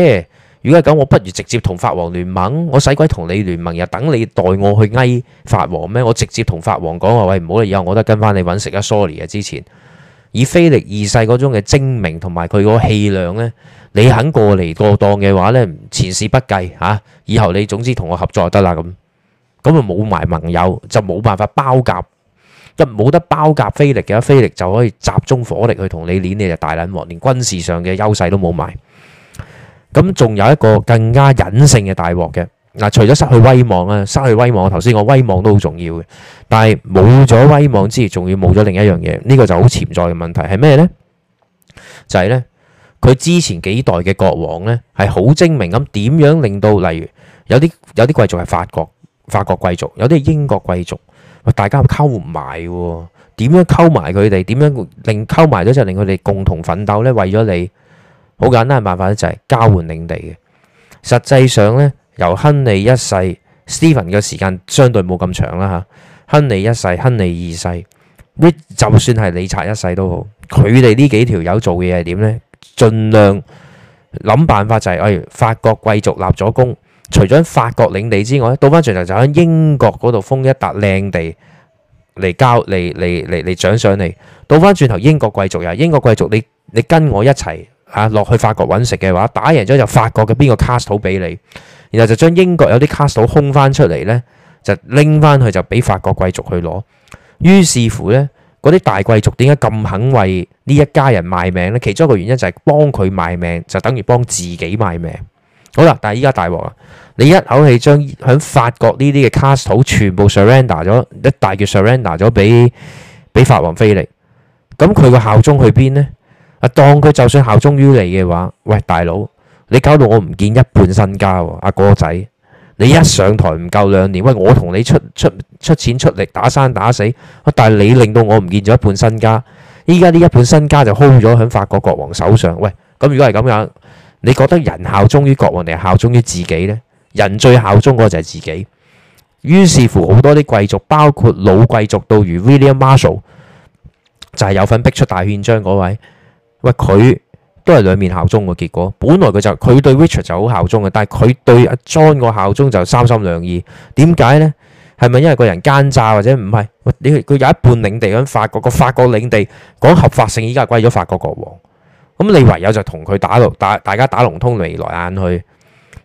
如果係咁，我不如直接同法王聯盟，我使鬼同你聯盟又等你代我去嗌法王咩？我直接同法王講話喂，唔好啦，以後我都跟翻你搵食啊！sorry 啊，之前以菲力二世嗰種嘅精明同埋佢嗰氣量咧，你肯過嚟過檔嘅話咧，前事不計吓，以後你總之同我合作就得啦咁，咁就冇埋盟友就冇辦法包夾，一冇得包夾菲力嘅，菲力就可以集中火力去同你碾你就大撚鑊，連軍事上嘅優勢都冇埋。咁仲有一個更加隱性嘅大鑊嘅，嗱，除咗失去威望啊，失去威望。我頭先講威望都好重要嘅，但係冇咗威望之餘，仲要冇咗另一樣嘢，呢個就好潛在嘅問題係咩呢？就係呢，佢之前幾代嘅國王呢，係好精明咁點樣令到，例如有啲有啲貴族係法國法國貴族，有啲係英國貴族，大家溝唔埋喎，點樣溝埋佢哋，點樣令溝埋咗就令佢哋共同奮鬥呢，為咗你。好簡單嘅辦法咧，就係交換領地嘅。實際上咧，由亨利一世、Stephen 嘅時間相對冇咁長啦。嚇，亨利一世、亨利二世，就算係理查一世都好，佢哋呢幾條友做嘢係點咧？盡量諗辦法就係、是，哎，法國貴族立咗功，除咗法國領地之外咧，倒翻轉頭就喺英國嗰度封一笪靚地嚟交嚟嚟嚟嚟獎賞你。倒翻轉頭英國貴族又英國貴族你，你你跟我一齊。啊，落去法國揾食嘅話，打贏咗就法國嘅邊個 castle 俾你，然後就將英國有啲 castle 空翻出嚟呢，就拎翻去就俾法國貴族去攞。於是乎呢，嗰啲大貴族點解咁肯為呢一家人賣命呢？其中一個原因就係幫佢賣命，就等於幫自己賣命。好啦，但係依家大鑊啦，你一口氣將響法國呢啲嘅 castle 全部 surrender 咗，一大橛 surrender 咗俾俾法王菲力，咁佢個效忠去邊呢？啊！當佢就算效忠於你嘅話，喂，大佬，你搞到我唔見一半身家喎，阿哥，哥仔，你一上台唔夠兩年，喂，我同你出出出錢出力打生打死，但係你令到我唔見咗一半身家，依家呢一半身家就空咗喺法國國王手上。喂，咁如果係咁樣，你覺得人效忠於國王定係效忠於自己呢？人最效忠嗰就係自己。於是乎，好多啲貴族，包括老貴族，到如 William Marshal，就係有份逼出大憲章嗰位。喂，佢都係兩面效忠嘅結果。本來佢就佢對 Richard 就好效忠嘅，但係佢對阿 John 個效忠就三心兩意。點解呢？係咪因為個人奸詐，或者唔係？喂，你佢有一半領地響法國個法國領地講合法性，依家歸咗法國國王。咁你唯有就同佢打六打，大家打龍通眉來眼去，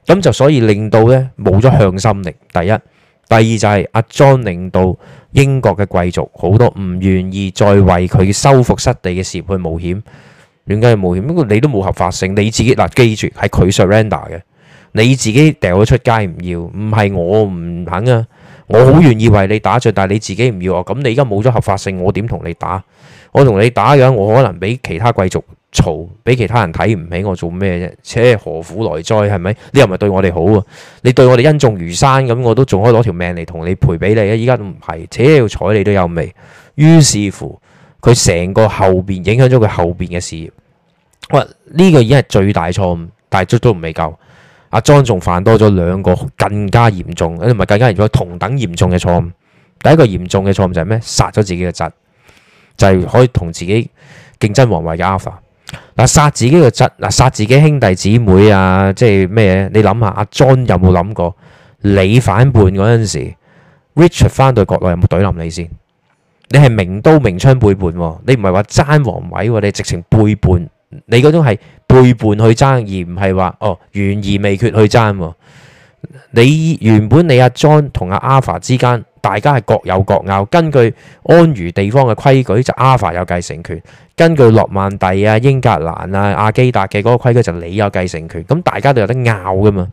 咁就所以令到呢冇咗向心力。第一，第二就係阿 John 令到英國嘅貴族好多唔願意再為佢收復失地嘅事去冒險。亂解係冒險，不過你都冇合法性，你自己嗱記住係佢 surrender 嘅。你自己掉咗出街唔要，唔係我唔肯啊，我好願意為你打仗，但係你自己唔要啊，咁你而家冇咗合法性，我點同你打？我同你打嘅話，我可能俾其他貴族嘈，俾其他人睇唔起我做咩啫？且何苦來哉？係咪？你又唔係對我哋好啊？你對我哋恩重如山，咁我都仲可以攞條命嚟同你賠俾你啊！而家唔係，且要睬你都有味，於是乎。佢成個後邊影響咗佢後邊嘅事業，哇！呢個已經係最大錯誤，但係都唔未夠。阿 John 仲犯多咗兩個更加嚴重，唔係更加嚴重，同等嚴重嘅錯誤。第一個嚴重嘅錯誤就係咩？殺咗自己嘅侄，就係可以同自己競爭皇位嘅 Alpha。嗱，殺自己嘅侄，嗱，殺自己兄弟姊妹啊，即係咩？你諗下，阿 John 有冇諗過你反叛嗰陣時，Richard 翻到國內有冇懟冧你先？你係明刀明槍背叛，啊，你唔係話爭皇位，你直情背叛。你嗰種係背叛去爭，而唔係話哦懸而未決去爭，啊。你原本你阿 John 同阿阿 l 之間，大家係各有各拗。根據安茹地方嘅規矩，就阿法有繼承權；根據諾曼第啊、英格蘭啊、阿基達嘅嗰個規矩，就你有繼承權。咁大家都有得拗噶嘛？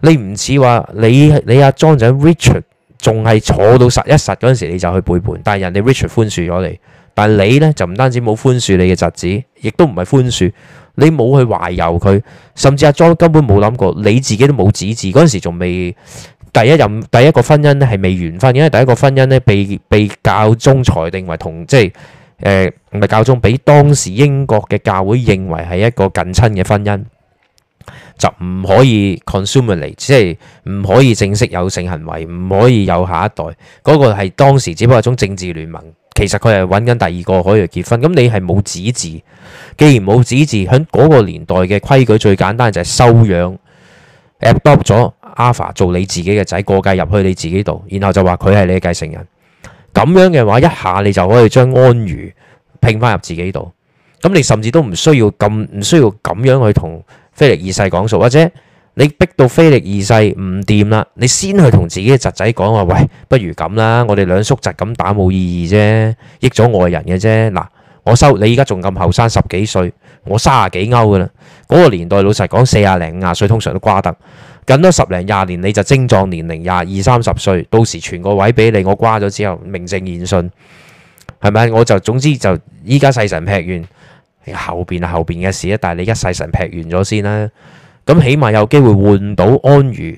你唔似話你你阿 John 就 Richard。仲係坐到實一實嗰陣時，你就去背叛。但係人哋 Richard 寬恕咗你，但係你呢就唔單止冇寬恕你嘅侄子，亦都唔係寬恕你冇去懷柔佢，甚至阿莊根本冇諗過，你自己都冇子嗣。嗰陣時仲未第一任第一個婚姻咧係未完婚，因為第一個婚姻咧被被教宗裁定為同即係誒唔係教宗，俾當時英國嘅教會認為係一個近親嘅婚姻。就唔可以 consummate，m 即係唔、就是、可以正式有性行為，唔可以有下一代嗰、那個係當時只不過係一種政治聯盟。其實佢係揾緊第二個可以結婚，咁你係冇子嗣，既然冇子嗣，喺嗰個年代嘅規矩最簡單就係收養 adopt 咗阿 f 做你自己嘅仔，過繼入去你自己度，然後就話佢係你嘅繼承人。咁樣嘅話，一下你就可以將安如拼翻入自己度，咁你甚至都唔需要咁唔需要咁樣去同。菲力二世講數，或者你逼到菲力二世唔掂啦，你先去同自己嘅侄仔講話，喂，不如咁啦，我哋兩叔侄咁打冇意義啫，益咗外人嘅啫。嗱，我收你而家仲咁後生，十幾歲，我三十幾歐㗎喇。嗰個年代老實講，四廿零五廿歲通常都瓜得，緊咗十零廿年，你就精壯年齡廿二三十歲，到時傳個位俾你，我瓜咗之後名正言順，係咪？我就總之就而家細神劈完。hazul 後邊、啊、後邊嘅事啦，但係你一世神劈完咗先啦，咁起碼有機會換到安茹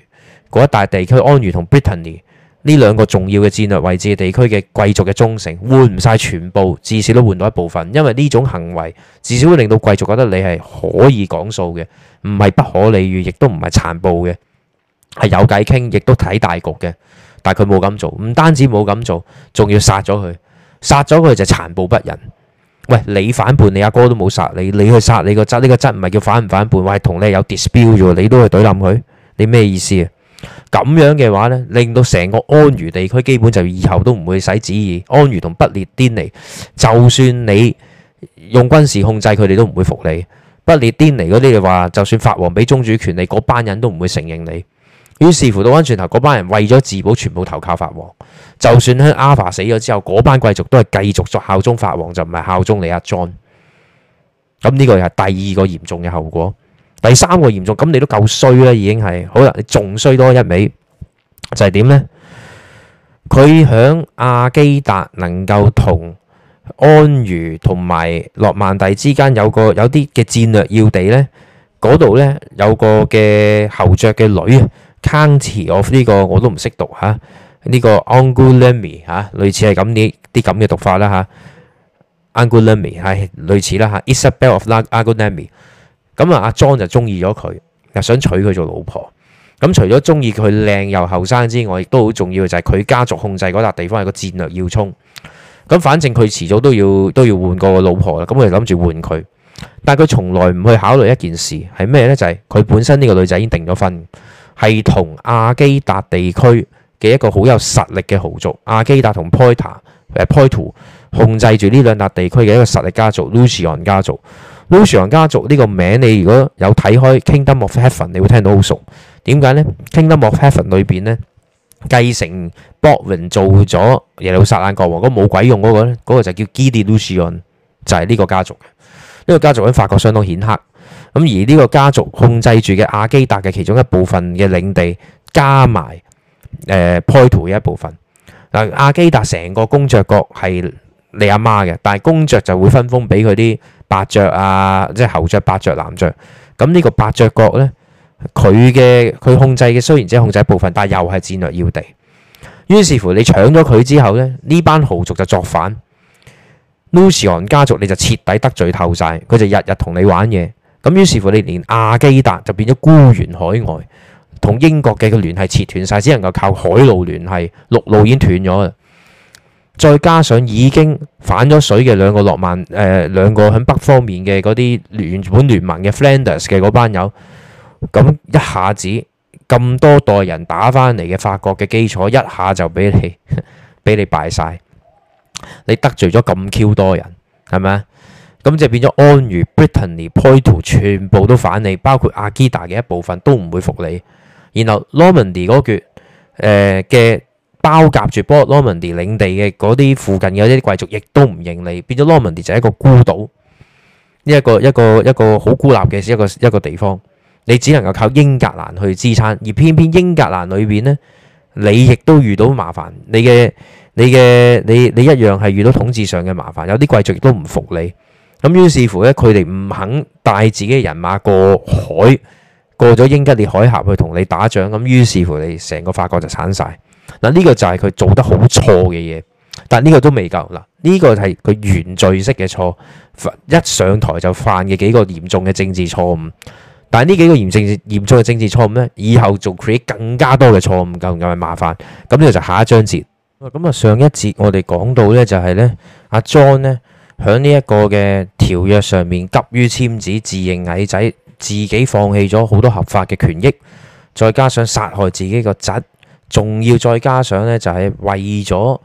嗰一帶地區，安茹同 Brittany 呢兩個重要嘅戰略位置地區嘅貴族嘅忠誠，換唔晒全部，至少都換到一部分，因為呢種行為至少會令到貴族覺得你係可以講數嘅，唔係不可理喻，亦都唔係殘暴嘅，係有偈傾，亦都睇大局嘅。但係佢冇咁做，唔單止冇咁做，仲要殺咗佢，殺咗佢就殘暴不仁。喂，你反叛你，你阿哥，哥都冇殺你，你去殺你、這個侄，呢、這個侄唔係叫反唔反叛，喂、呃，同你有 dispute 啫，你都去懟冧佢，你咩意思啊？咁樣嘅話呢，令到成個安茹地區基本就以後都唔會使旨意。安茹同不列顛尼，就算你用軍事控制佢哋，你都唔會服你。不列顛尼嗰啲就話，就算法王俾宗主權，你嗰班人都唔會承認你。於是乎，到安全頭嗰班人為咗自保，全部投靠法王。就算喺阿法死咗之後，嗰班貴族都係繼續作效忠法王，就唔係效忠你阿 John。咁呢個又係第二個嚴重嘅後果。第三個嚴重咁，你都夠衰啦，已經係好啦，你仲衰多一味就係點呢？佢喺阿基達能夠同安茹同埋諾曼第之間有個有啲嘅戰略要地呢，嗰度呢有個嘅侯爵嘅女啊，county of 呢個我都唔識讀吓。呢個 Angoulême 嚇，類似係咁啲啲咁嘅讀法啦嚇。Angoulême 係類似啦嚇。Isabel of Angoulême 咁啊，阿 John 就中意咗佢，又想娶佢做老婆。咁除咗中意佢靚又後生之外，亦都好重要嘅就係佢家族控制嗰笪地方係個戰略要衝。咁反正佢遲早都要都要換個老婆啦。咁佢諗住換佢，但係佢從來唔去考慮一件事係咩咧？就係佢本身呢個女仔已經定咗婚，係同亞基達地區嘅一個好有實力嘅豪族，阿基達同 Poyta 誒 Poyto 控制住呢兩笪地區嘅一個實力家族。Lucian 家族，Lucian 家族呢個名你如果你有睇開《Kingdom of Heaven》，你會聽到好熟。點解呢？《Kingdom of Heaven》裏邊呢，繼承 Boling 做咗耶路撒冷國王，咁冇鬼用嗰、那個咧，嗰、那個就叫 Gideon Lucian，就係呢個家族。呢、這個家族喺法國相當顯赫咁，而呢個家族控制住嘅阿基達嘅其中一部分嘅領地，加埋。誒剖圖嘅一部分，嗱、uh, 亞基達成個公爵國係你阿媽嘅，但係公爵就會分封俾佢啲伯爵啊，即係侯爵、伯爵、男爵。咁呢個伯爵國呢，佢嘅佢控制嘅雖然只係控制一部分，但係又係戰略要地。於是乎你搶咗佢之後呢，呢班豪族就作反，魯士昂家族你就徹底得罪透晒，佢就日日同你玩嘢。咁於是乎你連阿基達就變咗孤懸海外。同英國嘅個聯繫切斷晒，只能夠靠海路聯繫，陸路已經斷咗啦。再加上已經反咗水嘅兩個諾曼誒、呃、兩個喺北方面嘅嗰啲原本聯盟嘅 Flanders 嘅嗰班友，咁一下子咁多代人打翻嚟嘅法國嘅基礎，一下就俾你俾你敗晒。你得罪咗咁 Q 多人係咪啊？咁就變咗安茹 Brittany、Poitou 全部都反你，包括阿基達嘅一部分都唔會服你。然後 Normandy 嗰橛，誒、呃、嘅包夾住波 Normandy 領地嘅嗰啲附近嘅一啲貴族，亦都唔認你，變咗 Normandy 就係一個孤島，呢一個一個一個好孤立嘅一個一個地方，你只能夠靠英格蘭去支撐，而偏偏英格蘭裏邊呢，你亦都遇到麻煩，你嘅你嘅你你一樣係遇到統治上嘅麻煩，有啲貴族亦都唔服你，咁於是乎咧，佢哋唔肯帶自己嘅人馬過海。過咗英吉利海峽去同你打仗咁，於是乎你成個法國就鏟晒嗱，呢個就係佢做得好錯嘅嘢。但呢個都未夠嗱，呢個係佢原罪式嘅錯，一上台就犯嘅幾個嚴重嘅政治錯誤。但係呢幾個嚴政嚴重嘅政治錯誤咧，以後仲 create 更加多嘅錯誤，夠唔夠係麻煩。咁呢個就下一章節。咁啊，上一節我哋講到咧就係咧阿 John 咧響呢一個嘅條約上面急於簽字，自認矮仔。自己放棄咗好多合法嘅權益，再加上殺害自己個侄，仲要再加上呢，就係為咗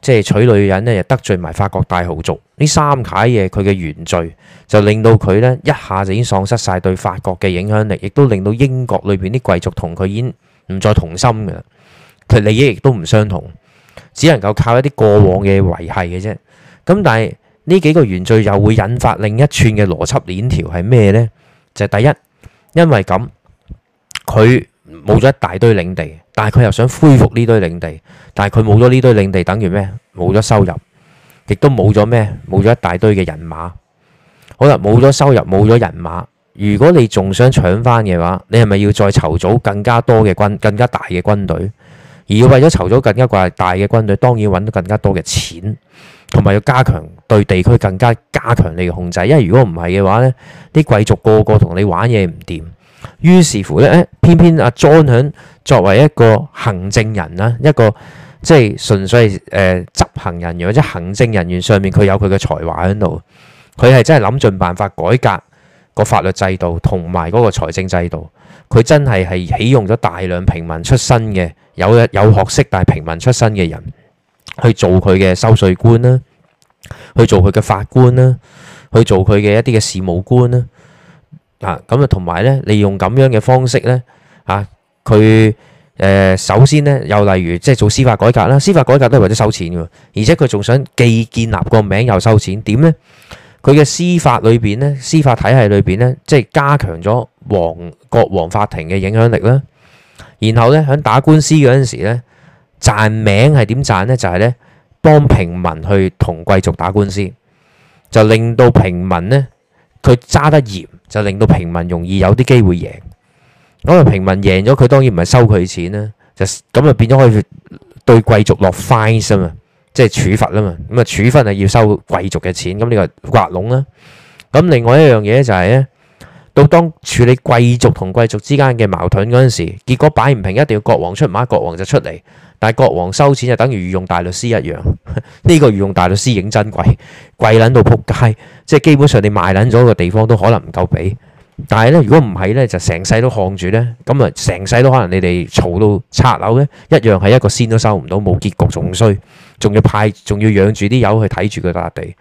即係娶女人呢，又得罪埋法國大豪族呢三楷嘢，佢嘅原罪就令到佢呢，一下就已經喪失晒對法國嘅影響力，亦都令到英國裏邊啲貴族同佢已經唔再同心嘅。佢利益亦都唔相同，只能夠靠一啲過往嘅維繫嘅啫。咁但係呢幾個原罪又會引發另一串嘅邏輯鏈條係咩呢？就係第一，因為咁佢冇咗一大堆領地，但係佢又想恢復呢堆領地，但係佢冇咗呢堆領地，等於咩？冇咗收入，亦都冇咗咩？冇咗一大堆嘅人馬。好啦，冇咗收入，冇咗人馬。如果你仲想搶翻嘅話，你係咪要再籌組更加多嘅軍、更加大嘅軍隊？而要為咗籌組更加大嘅軍隊，當然揾到更加多嘅錢。同埋要加強對地區更加加強你嘅控制，因為如果唔係嘅話，呢啲貴族個個同你玩嘢，唔掂。於是乎咧，誒偏偏阿 John 喺作為一個行政人啦，一個即係、就是、純粹誒執行人員或者行政人員上面，佢有佢嘅才華喺度，佢係真係諗盡辦法改革個法律制度同埋嗰個財政制度。佢真係係起用咗大量平民出身嘅有有學識但係平民出身嘅人，去做佢嘅收稅官啦，去做佢嘅法官啦，去做佢嘅一啲嘅事務官啦。啊，咁啊，同埋咧，利用咁樣嘅方式咧，啊，佢誒、呃，首先咧，又例如即係做司法改革啦，司法改革都係為咗收錢嘅，而且佢仲想既建立個名又收錢，點咧？佢嘅司法裏邊咧，司法體系裏邊咧，即係加強咗王、國王法庭嘅影響力啦。然後咧，喺打官司嗰陣時咧。賺名係點賺呢？就係呢，幫平民去同貴族打官司，就令到平民呢，佢揸得嚴，就令到平民容易有啲機會贏。咁啊，平民贏咗，佢當然唔係收佢錢啦，就咁啊，變咗可以對貴族落 fine 啊，即係處罰啦嘛。咁啊，處分係要收貴族嘅錢，咁呢個刮籠啦。咁另外一樣嘢就係呢。到當處理貴族同貴族之間嘅矛盾嗰陣時，結果擺唔平，一定要國王出馬，國王就出嚟。但係國王收錢就等於御用大律師一樣，呢 個御用大律師認真貴，貴捻到撲街，即係基本上你賣捻咗個地方都可能唔夠俾。但係咧，如果唔係咧，就成世都看住咧，咁啊成世都可能你哋嘈到拆樓咧，一樣係一個仙都收唔到，冇結局仲衰，仲要派仲要養住啲友去睇住佢笪地。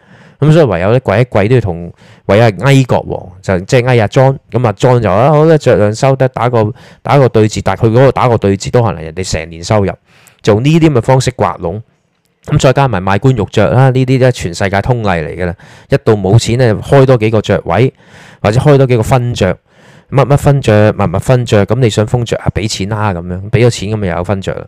咁、嗯、所以唯有咧，跪一跪都要同唯有係哀國王，就即係哀阿莊、嗯。咁阿莊就啊好咧，酌量收得打個打個，對但個打個對折，但係佢嗰個打個對折都可能人哋成年收入，做呢啲咁嘅方式刮龍。咁、嗯、再加埋賣官鬻爵啦，呢啲咧全世界通例嚟嘅啦。一到冇錢咧，開多幾個爵位，或者開多幾個分爵，乜乜分爵，乜乜分爵，咁你想封爵啊，俾錢啦、啊、咁樣，俾咗錢咁啊又有分爵。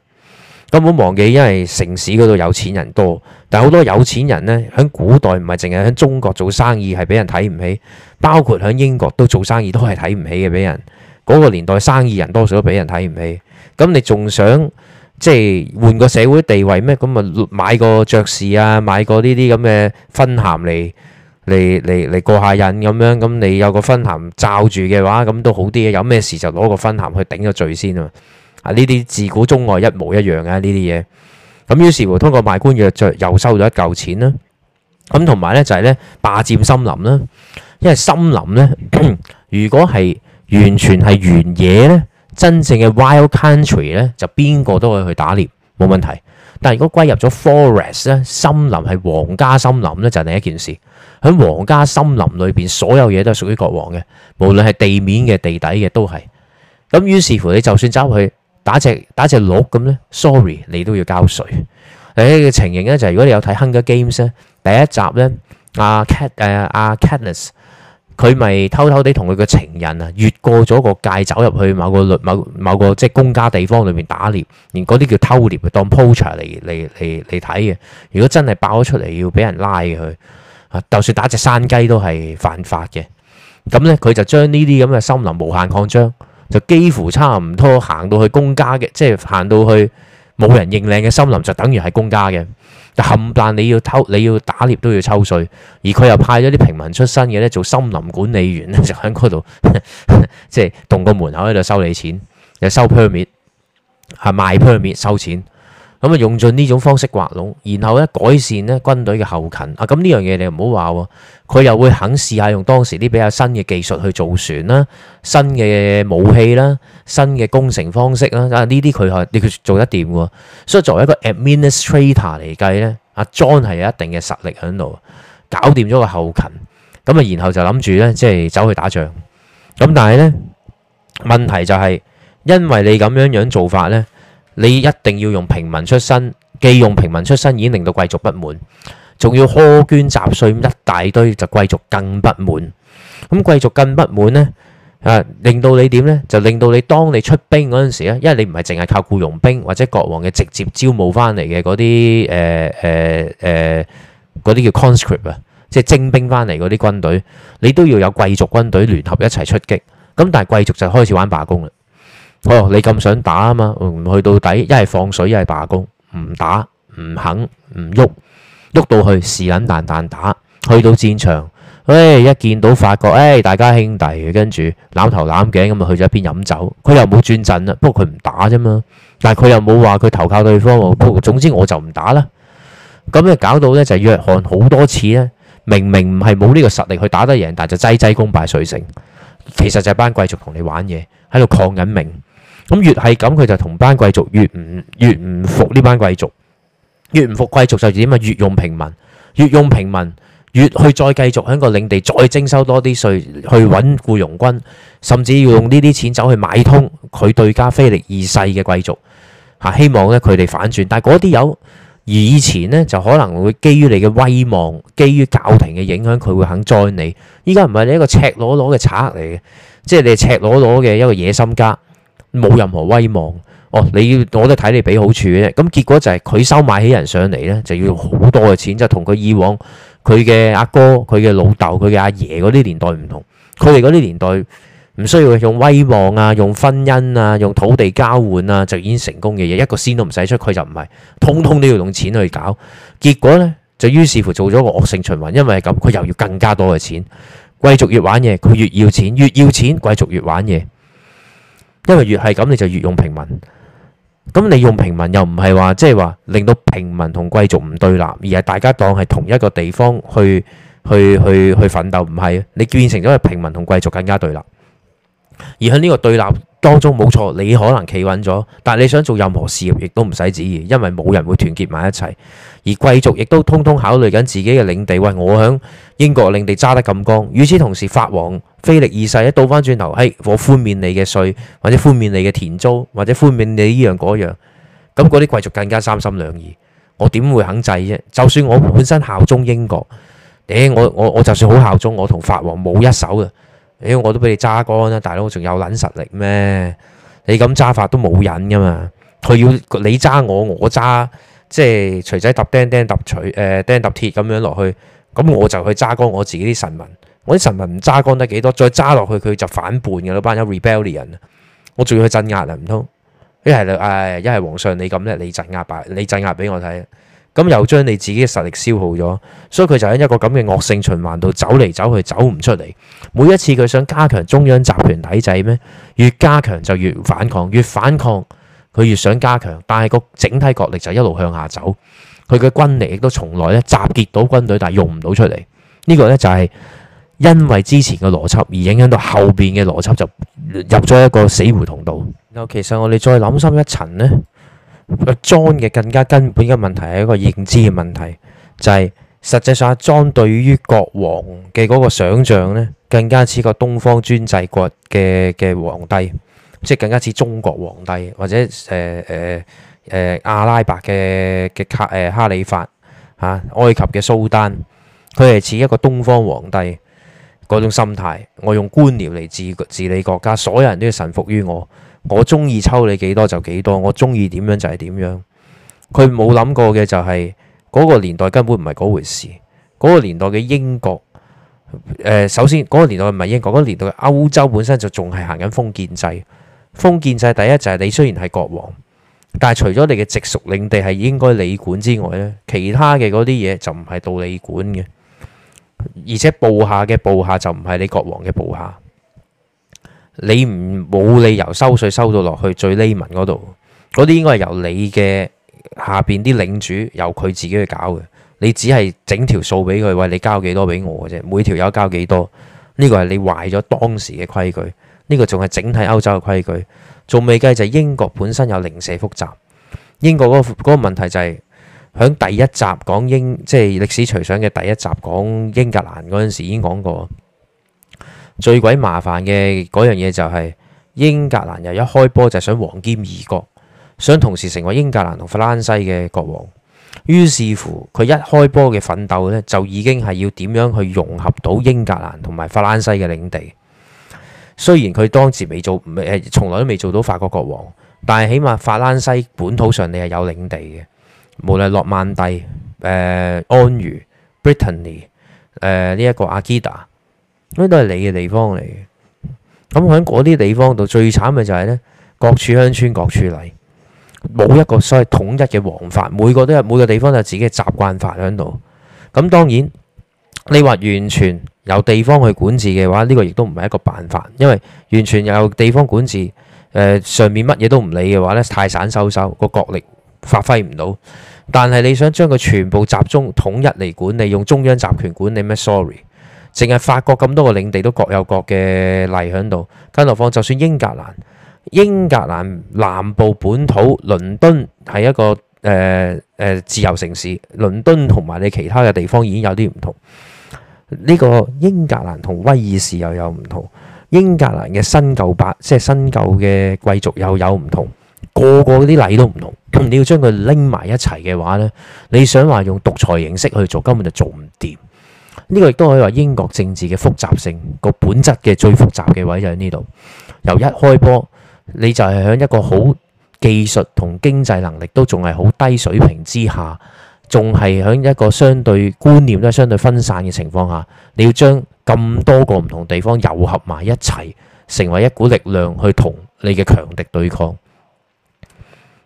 根本忘記，因為城市嗰度有錢人多，但係好多有錢人呢，喺古代唔係淨係喺中國做生意，係俾人睇唔起。包括喺英國都做生意，都係睇唔起嘅，俾人，嗰個年代生意人多數都俾人睇唔起。咁你仲想即係換個社會地位咩？咁啊買個爵士啊，買個呢啲咁嘅分咸嚟嚟嚟嚟過下癮咁樣。咁你有個分咸罩住嘅話，咁都好啲嘅。有咩事就攞個分咸去頂個罪先啊！呢啲自古中外一模一樣嘅呢啲嘢，咁於是乎通過賣官藥再又收咗一嚿錢啦。咁同埋咧就係咧霸佔森林啦，因為森林咧如果係完全係原野咧，真正嘅 wild country 咧就邊個都可以去打獵，冇問題。但係如果歸入咗 forest 咧，森林係皇家森林咧，就係另一件事。喺皇家森林裏邊，所有嘢都係屬於國王嘅，無論係地面嘅、地底嘅都係。咁於是乎你就算走去，打隻打隻鹿咁咧，sorry 你都要交稅。誒嘅情形咧、就係，就如果你有睇《Hunger Games》咧，第一集咧，阿、啊、Cat 誒、啊、阿 Katniss 佢咪偷偷地同佢嘅情人啊，越過咗個界走入去某個律某某個即係公家地方裏面打獵，連嗰啲叫偷獵，當 poacher 嚟嚟嚟嚟睇嘅。如果真係爆咗出嚟，要俾人拉嘅，佢。啊，就算打隻山雞都係犯法嘅。咁咧，佢就將呢啲咁嘅森林無限擴張。就幾乎差唔多行到去公家嘅，即係行到去冇人認領嘅森林，就等於係公家嘅。冚唪唥你要偷、你要打獵都要抽稅，而佢又派咗啲平民出身嘅咧做森林管理員，就喺嗰度即係動個門口喺度收你錢，又收 per permit，係賣 permit 收錢。咁啊，用盡呢種方式搲攏，然後咧改善咧軍隊嘅後勤啊，咁呢樣嘢你又唔好話喎，佢又會肯試下用當時啲比較新嘅技術去造船啦、新嘅武器啦、新嘅工程方式啦，啊呢啲佢係你佢做得掂嘅喎。所以作為一個 administrator 嚟計咧，阿 John 係有一定嘅實力喺度，搞掂咗個後勤，咁啊，然後就諗住咧即係走去打仗。咁但係咧問題就係，因為你咁樣樣做法咧。你一定要用平民出身，既用平民出身已經令到貴族不滿，仲要苛捐雜稅一大堆，就貴族更不滿。咁貴族更不滿咧，啊，令到你點咧？就令到你當你出兵嗰陣時咧，因為你唔係淨係靠僱傭兵或者國王嘅直接招募翻嚟嘅嗰啲誒誒誒嗰啲叫 conscript 啊，即係徵兵翻嚟嗰啲軍隊，你都要有貴族軍隊聯合一齊出擊。咁但係貴族就開始玩罷工啦。哦，你咁想打啊嘛？唔去到底，一係放水，一係罷工，唔打，唔肯，唔喐，喐到去是撚但但打，去到戰場，哎，一見到發覺，哎，大家兄弟，跟住攬頭攬頸咁啊去咗一邊飲酒，佢又冇轉陣啦，不過佢唔打啫嘛，但係佢又冇話佢投靠對方喎，總之我就唔打啦，咁啊搞到咧就約翰好多次咧，明明唔係冇呢個實力去打得贏，但就齋齋功敗垂成，其實就班貴族同你玩嘢，喺度抗緊命。咁越係咁，佢就同班貴族越唔越唔服呢班貴族，越唔服貴族就點啊？越用平民，越用平民，越去再繼續喺個領地再徵收多啲稅，去揾僱傭軍，甚至要用呢啲錢走去買通佢對家菲力二世嘅貴族嚇，希望咧佢哋反轉。但係嗰啲友以前呢，就可能會基於你嘅威望，基於教廷嘅影響，佢會肯再。你依家唔係你一個赤裸裸嘅賊嚟嘅，即係你係赤裸裸嘅一個野心家。冇任何威望哦，你要我都睇你俾好處啫。咁結果就係佢收買起人上嚟呢，就要用好多嘅錢。就同佢以往佢嘅阿哥、佢嘅老豆、佢嘅阿爺嗰啲年代唔同。佢哋嗰啲年代唔需要用威望啊，用婚姻啊，用土地交換啊，就已經成功嘅嘢，一個仙都唔使出。佢就唔係通通都要用錢去搞。結果呢，就於是乎做咗個惡性循環，因為咁佢又要更加多嘅錢。貴族越玩嘢，佢越要錢，越要錢，貴族越玩嘢。因為越係咁你就越用平民，咁你用平民又唔係話即係話令到平民同貴族唔對立，而係大家當係同一個地方去去去去奮鬥，唔係你變成咗係平民同貴族更加對立。而喺呢個對立當中，冇錯你可能企穩咗，但係你想做任何事業亦都唔使旨意，因為冇人會團結埋一齊。而貴族亦都通通考慮緊自己嘅領地，喂，我響英國領地揸得咁光。與此同時，法王，菲力二世，一倒翻轉頭，係我寬免你嘅稅，或者寬免你嘅田租，或者寬免你依樣嗰樣，咁嗰啲貴族更加三心兩意，我點會肯制啫？就算我本身效忠英國，誒，我我我就算好效忠，我同法王冇一手嘅，誒，我都俾你揸乾啦，大佬仲有卵實力咩？你咁揸法都冇癮噶嘛？佢要你揸我，我揸，即係錘仔揼釘釘揼錘，誒，釘揼鐵咁樣落去，咁我就去揸乾我自己啲臣民。我啲臣民唔揸幹得幾多，再揸落去佢就反叛嘅嗰班有 rebellion 人 re。我仲要去鎮壓啊，唔通一係就唉，一係皇上你咁叻，你鎮壓吧，你鎮壓俾我睇。咁又將你自己嘅實力消耗咗，所以佢就喺一個咁嘅惡性循環度走嚟走去，走唔出嚟。每一次佢想加強中央集權體制，咩越加強就越反抗，越反抗佢越想加強，但係個整體國力就一路向下走。佢嘅軍力亦都從來咧集結到軍隊，但係用唔到出嚟。呢、這個咧就係、是。因為之前嘅邏輯而影響到後邊嘅邏輯，就入咗一個死胡同度。然後其實我哋再諗深一層呢，阿莊嘅更加根本嘅問題係一個認知嘅問題，就係實際上莊對於國王嘅嗰個想像呢，更加似個東方專制國嘅嘅皇帝，即係更加似中國皇帝或者誒誒誒阿拉伯嘅嘅卡誒哈里發，嚇、啊、埃及嘅蘇丹，佢係似一個東方皇帝。嗰種心態，我用官僚嚟治治理國家，所有人都要臣服於我，我中意抽你幾多就幾多，我中意點樣就係點樣。佢冇諗過嘅就係，嗰個年代根本唔係嗰回事。嗰個年代嘅英國，呃，首先嗰個年代唔係英國，嗰個年代嘅歐洲本身就仲係行緊封建制。封建制第一就係你雖然係國王，但係除咗你嘅直屬領地係應該你管之外呢，其他嘅嗰啲嘢就唔係到你管嘅。而且部下嘅部下就唔係你國王嘅部下，你唔冇理由收稅收到落去最匿民嗰度，嗰啲應該係由你嘅下邊啲領主由佢自己去搞嘅，你只係整條數俾佢，喂，你交幾多俾我嘅啫，每條友交幾多，呢個係你壞咗當時嘅規矩，呢個仲係整體歐洲嘅規矩，仲未計就係英國本身有零舍複雜，英國嗰個問題就係。喺第一集講英，即係歷史隨想嘅第一集講英格蘭嗰陣時，已經講過最鬼麻煩嘅嗰樣嘢就係英格蘭又一開波就想王兼二國，想同時成為英格蘭同法蘭西嘅國王。於是乎佢一開波嘅奮鬥呢，就已經係要點樣去融合到英格蘭同埋法蘭西嘅領地。雖然佢當時未做，唔誒從來都未做到法國國王，但係起碼法蘭西本土上你係有領地嘅。無論洛曼帝、誒、呃、安茹、Brittany、誒呢一個阿基達，咁都係你嘅地方嚟嘅。咁喺嗰啲地方度最慘嘅就係咧，各處鄉村各處嚟，冇一個所謂統一嘅王法，每個都有每個地方都有自己嘅習慣法喺度。咁、嗯、當然你話完全由地方去管治嘅話，呢、呢個亦都唔係一個辦法，因為完全由地方管治，誒、呃、上面乜嘢都唔理嘅話咧，太散收收個國力，發揮唔到，但係你想將佢全部集中統一嚟管理，用中央集權管理咩？Sorry，淨係法國咁多個領地都各有各嘅例喺度。更何況，就算英格蘭，英格蘭南部本土倫敦係一個誒誒、呃呃、自由城市，倫敦同埋你其他嘅地方已經有啲唔同。呢、這個英格蘭同威爾士又有唔同，英格蘭嘅新舊版，即係新舊嘅貴族又有唔同。個個啲禮都唔同，你要將佢拎埋一齊嘅話呢，你想話用獨裁形式去做，根本就做唔掂。呢個亦都可以話英國政治嘅複雜性個本質嘅最複雜嘅位就喺呢度。由一開波你就係喺一個好技術同經濟能力都仲係好低水平之下，仲係喺一個相對觀念都係相對分散嘅情況下，你要將咁多個唔同地方糅合埋一齊，成為一股力量去同你嘅強敵對抗。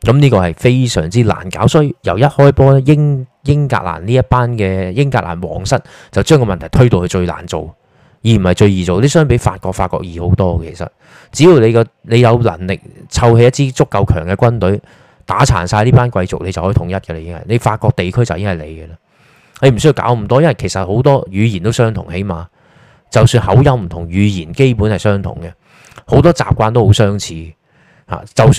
咁呢個係非常之難搞，所以由一開波咧，英英格蘭呢一班嘅英格蘭皇室就將個問題推到去最難做，而唔係最易做。啲相比法國，法國易好多。其實只要你個你有能力湊起一支足夠強嘅軍隊，打殘晒呢班貴族，你就可以統一嘅啦。已經係你法國地區就已經係你嘅啦，你唔需要搞咁多，因為其實好多語言都相同，起碼就算口音唔同，語言基本係相同嘅，好多習慣都好相似。啊，就算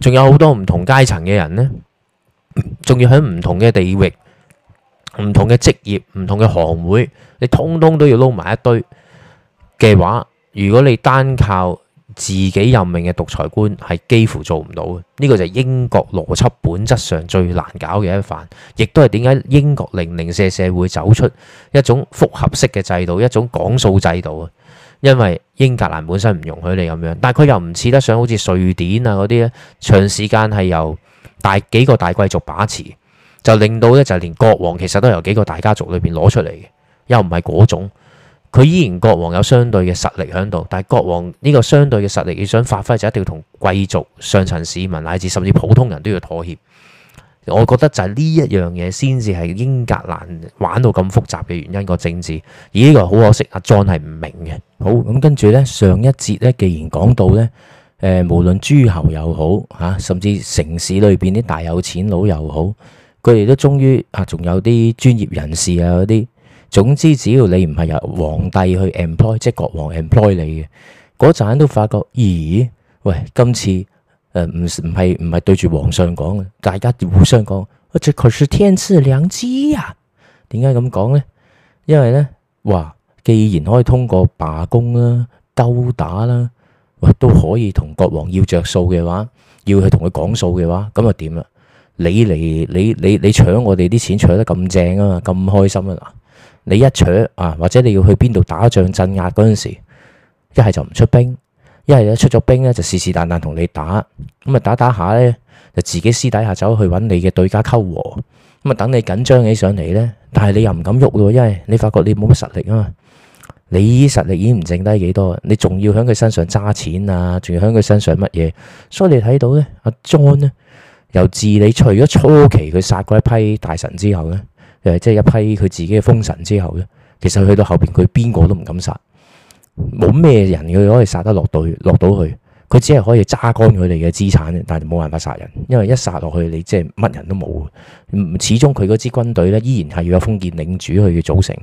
仲有好多唔同階層嘅人呢，仲要喺唔同嘅地域、唔同嘅職業、唔同嘅行會，你通通都要撈埋一堆嘅話，如果你單靠自己任命嘅獨裁官，係幾乎做唔到嘅。呢、呢個就係英國邏輯本質上最難搞嘅一番，亦都係點解英國零零舍舍會走出一種複合式嘅制度，一種講數制度啊！因為英格蘭本身唔容許你咁樣，但係佢又唔似得上好似瑞典啊嗰啲咧，長時間係由大幾個大貴族把持，就令到咧就係連國王其實都由幾個大家族裏邊攞出嚟嘅，又唔係嗰種，佢依然國王有相對嘅實力喺度，但係國王呢個相對嘅實力，要想發揮就一定要同貴族、上層市民乃至甚至普通人都要妥協。我覺得就係呢一樣嘢先至係英格蘭玩到咁複雜嘅原因個政治，而呢個好可惜，阿 John 係唔明嘅。好，咁跟住呢，上一節呢，既然講到呢，誒無論諸侯又好嚇、啊，甚至城市裏邊啲大有錢佬又好，佢哋都終於啊，仲有啲專業人士啊嗰啲，總之只要你唔係由皇帝去 employ，即係國王 employ 你嘅，嗰陣都發覺，咦？喂，今次。誒，唔唔係唔係對住皇上講嘅，大家互相講，這可是天賜良機呀！點解咁講呢？因為呢，話既然可以通過罷工啦、毆打啦，喂，都可以同國王要着數嘅話，要去同佢講數嘅話，咁又點啦？你嚟，你你你，你搶我哋啲錢搶得咁正啊，咁開心啊！嗱，你一搶啊，或者你要去邊度打仗鎮壓嗰陣時，一係就唔出兵。因為一出咗兵咧，就是是但但同你打，咁啊打打下咧，就自己私底下走去揾你嘅對家媾和，咁啊等你緊張起上嚟咧，但係你又唔敢喐咯，因為你發覺你冇乜實力啊嘛，你實力已經唔剩低幾多，你仲要喺佢身上揸錢啊，仲要喺佢身上乜嘢，所以你睇到咧阿 John 咧由自你除咗初期佢殺過一批大臣之後咧，誒即係一批佢自己嘅封神之後咧，就是，其實去到後邊佢邊個都唔敢殺。冇咩人佢可以殺得落到去，落到去，佢只係可以揸乾佢哋嘅資產，但係冇辦法殺人，因為一殺落去，你即係乜人都冇。始終佢嗰支軍隊呢，依然係要有封建領主去嘅組成。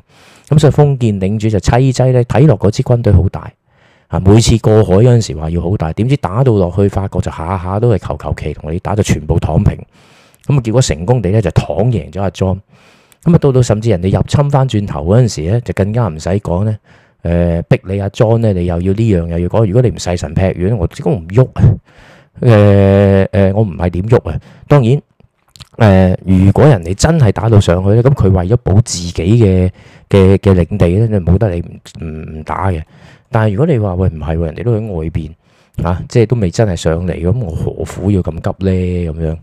咁所以封建領主就擠擠咧，睇落嗰支軍隊好大啊！每次過海嗰陣時話要好大，點知打到落去，法國就下下都係求求其同你打，就全部躺平。咁啊，結果成功地呢，就躺贏咗阿莊。咁啊，到到甚至人哋入侵翻轉頭嗰陣時咧，就更加唔使講呢。誒、呃，逼你阿 John 咧，你又要呢樣又要講，如果你唔細神劈軟，我只工唔喐啊！誒、呃、誒、呃，我唔係點喐啊！當然，誒、呃，如果人哋真係打到上去咧，咁佢為咗保自己嘅嘅嘅領地咧，就冇得你唔唔唔打嘅。但係如果你話喂唔係，人哋都喺外邊吓、啊，即係都未真係上嚟，咁我何苦要咁急咧？咁樣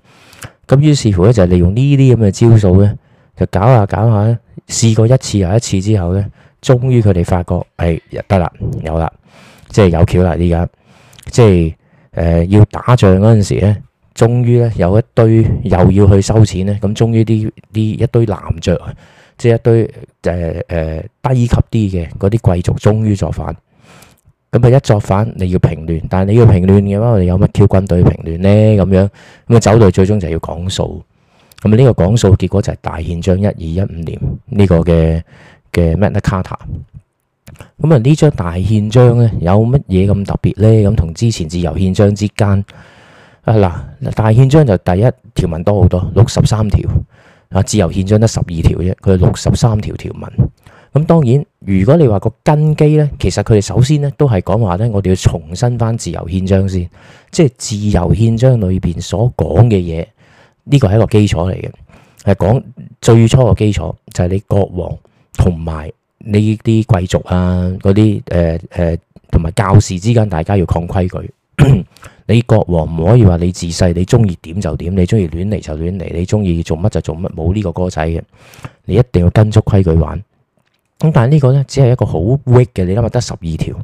咁於是乎咧，就係利用呢啲咁嘅招數咧，就搞下搞下，試過一次又一次之後咧。終於佢哋發覺，誒得啦，有啦，即係有橋啦！而家即係誒、呃、要打仗嗰陣時咧，終於咧有一堆又要去收錢咧，咁終於啲啲一堆男爵，即係一堆誒誒、呃、低級啲嘅嗰啲貴族，終於作反。咁佢一作反，你要平亂，但係你要平亂嘅話，你有乜挑軍隊平亂咧？咁樣咁啊，走到最終就係要講數。咁、這、呢個講數結果就係大憲章一二一五年呢、這個嘅。嘅《Magna Carta》咁啊，呢張大憲章咧，有乜嘢咁特別咧？咁同之前自由憲章之間啊，嗱，大憲章就第一條文多好多，六十三條啊，自由憲章得十二條啫。佢六十三條條文咁，當然如果你話個根基咧，其實佢哋首先咧都係講話咧，我哋要重申翻自由憲章先，即係自由憲章裏邊所講嘅嘢呢個係一個基礎嚟嘅，係講最初個基礎就係、是、你國王。同埋呢啲貴族啊，嗰啲誒誒，同、呃、埋、呃、教士之間，大家要講規矩。 你國王唔可以話你自細你中意點就點，你中意亂嚟就亂嚟，你中意做乜就做乜，冇呢個歌仔嘅。你一定要跟足規矩玩。咁但係呢個呢，只係一個好 weak 嘅，你諗下得十二條，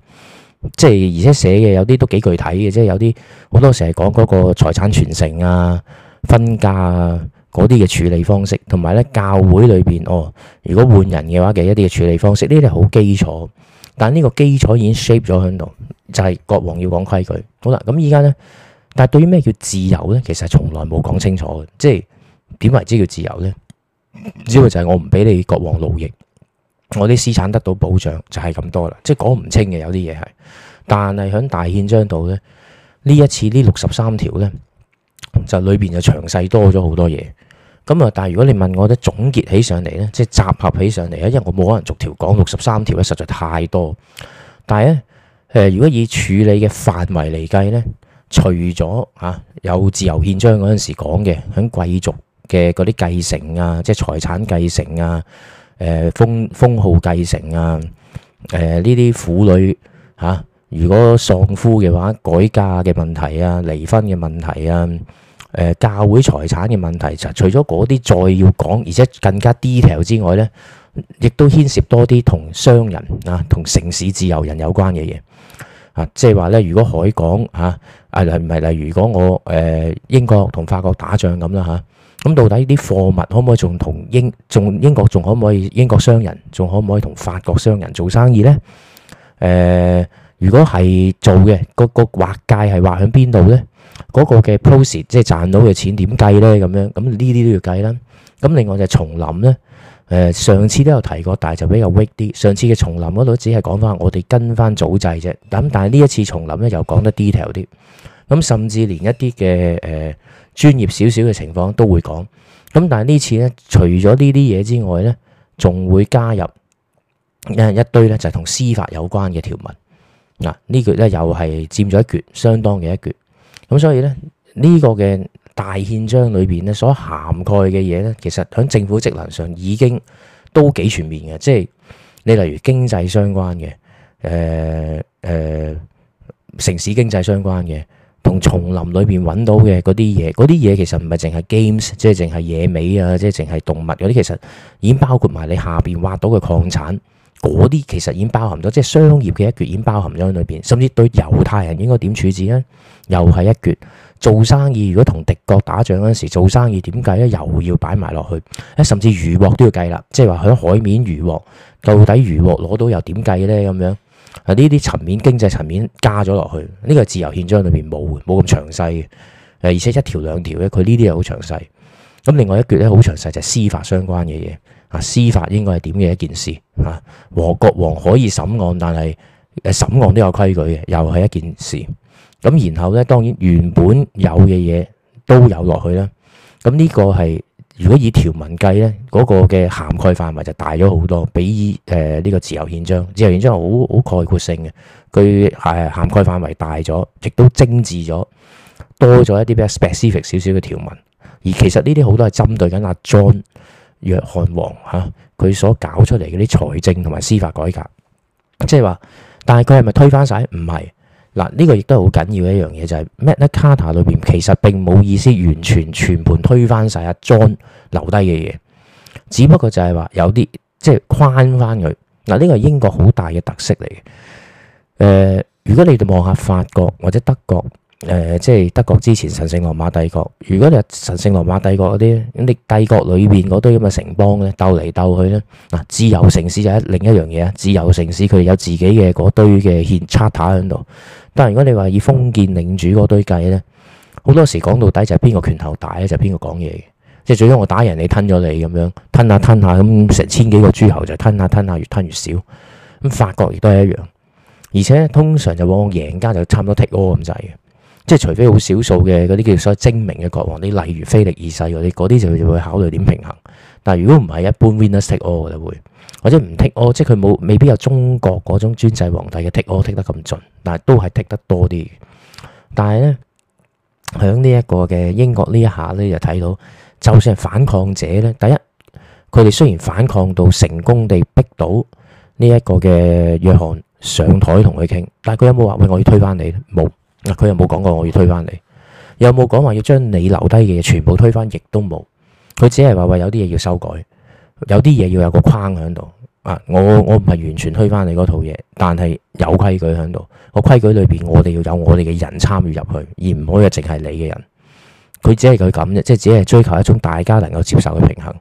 即係而且寫嘅有啲都幾具體嘅，即係有啲好多時係講嗰個財產傳承啊、分家啊。嗰啲嘅處理方式，同埋咧教會裏邊哦，如果換人嘅話嘅、就是、一啲嘅處理方式，呢啲係好基礎，但呢個基礎已經 shape 咗喺度，就係、是、國王要講規矩。好啦，咁依家呢，但係對於咩叫自由呢，其實從來冇講清楚嘅，即係點為之叫自由呢？只要就係我唔俾你國王奴役，我啲私產得到保障就係、是、咁多啦。即係講唔清嘅有啲嘢係，但係喺大憲章度呢，呢一次呢六十三條呢。就裏邊就詳細多咗好多嘢，咁啊！但係如果你問我咧，總結起上嚟咧，即係集合起上嚟咧，因為我冇可能逐條講六十三條咧，實在太多。但係咧，誒，如果以處理嘅範圍嚟計咧，除咗嚇有自由憲章嗰陣時講嘅，喺貴族嘅嗰啲繼承啊，即係財產繼承啊，誒封封號繼承啊，誒呢啲婦女嚇、啊，如果喪夫嘅話，改嫁嘅問題啊，離婚嘅問題啊。誒教會財產嘅問題，除咗嗰啲再要講，而且更加 detail 之外呢，亦都牽涉多啲同商人啊，同城市自由人有關嘅嘢、啊、即係話呢，如果海港嚇啊，係唔係例如果我誒、呃、英國同法國打仗咁啦嚇？咁、啊、到底啲貨物可唔可以仲同英仲英國仲可唔可以英國商人仲可唔可以同法國商人做生意呢？誒、呃，如果係做嘅，個個劃界係劃喺邊度呢？嗰個嘅 post，即係賺到嘅錢點計咧？咁樣咁呢啲都要計啦。咁另外就係叢林咧，誒、呃、上次都有提過，但係就比較 weak 啲。上次嘅叢林嗰度只係講翻我哋跟翻組制啫。咁但係呢一次叢林咧又講得 detail 啲，咁甚至連一啲嘅誒專業少少嘅情況都會講。咁但係呢次咧，除咗呢啲嘢之外咧，仲會加入誒一堆咧，就係同司法有關嘅條文嗱。呢橛咧又係佔咗一橛，相當嘅一橛。咁所以咧，呢、這個嘅大憲章裏邊咧，所涵蓋嘅嘢咧，其實喺政府職能上已經都幾全面嘅。即係你例如經濟相關嘅，誒、呃、誒、呃、城市經濟相關嘅，同叢林裏邊揾到嘅嗰啲嘢，嗰啲嘢其實唔係淨係 games，即係淨係野味啊，即係淨係動物嗰啲，其實已經包括埋你下邊挖到嘅礦產。嗰啲其實已經包含咗，即係商業嘅一橛已經包含咗喺裏邊，甚至對猶太人應該點處置呢？又係一橛。做生意如果同敵國打仗嗰陣時做生意點計呢？又要擺埋落去。甚至漁獲都要計啦，即係話喺海面漁獲，到底漁獲攞到又點計呢？咁樣啊，呢啲層面經濟層面加咗落去，呢、呢個係自由憲章裏面冇，冇咁詳細嘅。而且一條兩條咧，佢呢啲又好詳細。咁另外一橛咧，好詳細就係司法相關嘅嘢。啊！司法應該係點嘅一件事嚇，和國王可以審案，但係誒審案都有規矩嘅，又係一件事。咁然後咧，當然原本有嘅嘢都有落去啦。咁呢個係如果以條文計咧，嗰個嘅涵蓋範圍就大咗好多，比誒呢個自由憲章，自由憲章好好概括性嘅，佢誒涵蓋範圍大咗，亦都精緻咗，多咗一啲比較 specific 少少嘅條文。而其實呢啲好多係針對緊阿 John。約翰王嚇，佢、啊、所搞出嚟嗰啲財政同埋司法改革，即係話，但係佢係咪推翻晒？唔係嗱，呢、啊這個亦都好緊要一樣嘢，就係、是、Magna Carta 裏邊其實並冇意思完全全盤推翻晒，阿 John 留低嘅嘢，只不過就係話有啲即係框翻佢嗱。呢、就是啊這個係英國好大嘅特色嚟嘅誒。如果你哋望下法國或者德國。誒、呃，即係德國之前神聖羅馬帝國。如果你係神聖羅馬帝國嗰啲咁，你帝國裏邊嗰堆咁嘅城邦咧鬥嚟鬥去咧嗱，自由城市就係另一樣嘢啊。自由城市佢有自己嘅嗰堆嘅憲 charter 喺度。但係如果你話以封建領主嗰堆計咧，好多時講到底就係邊個拳頭大咧，就邊、是、個講嘢嘅。即係最多我打人你，你吞咗你咁樣吞下吞下咁成千幾個諸侯就吞下、啊、吞下、啊、越吞越少。咁法國亦都係一樣，而且通常就往往贏家就差唔多 take all 咁滯嘅。即係，除非好少數嘅嗰啲叫做所謂精明嘅國王，啲例如菲力二世嗰啲，嗰啲就就會考慮點平衡。但係如果唔係一般 winners take all 嘅會，或者唔 take all，即係佢冇未必有中國嗰種專制皇帝嘅 take all take 得咁盡，但係都係 take 得多啲。但係咧，喺呢一個嘅英國一呢一下咧，就睇到就算係反抗者咧，第一佢哋雖然反抗到成功地逼到呢一個嘅約翰上台同佢傾，但係佢有冇話喂我要推翻你咧？冇。嗱，佢又冇講過我要推翻你，又冇講話要將你留低嘅嘢全部推翻？亦都冇。佢只係話話有啲嘢要修改，有啲嘢要有個框喺度啊。我我唔係完全推翻你嗰套嘢，但係有規矩喺度。個規矩裏邊，我哋要有我哋嘅人參與入去，而唔可以淨係你嘅人。佢只係佢咁嘅，即係只係追求一種大家能夠接受嘅平衡。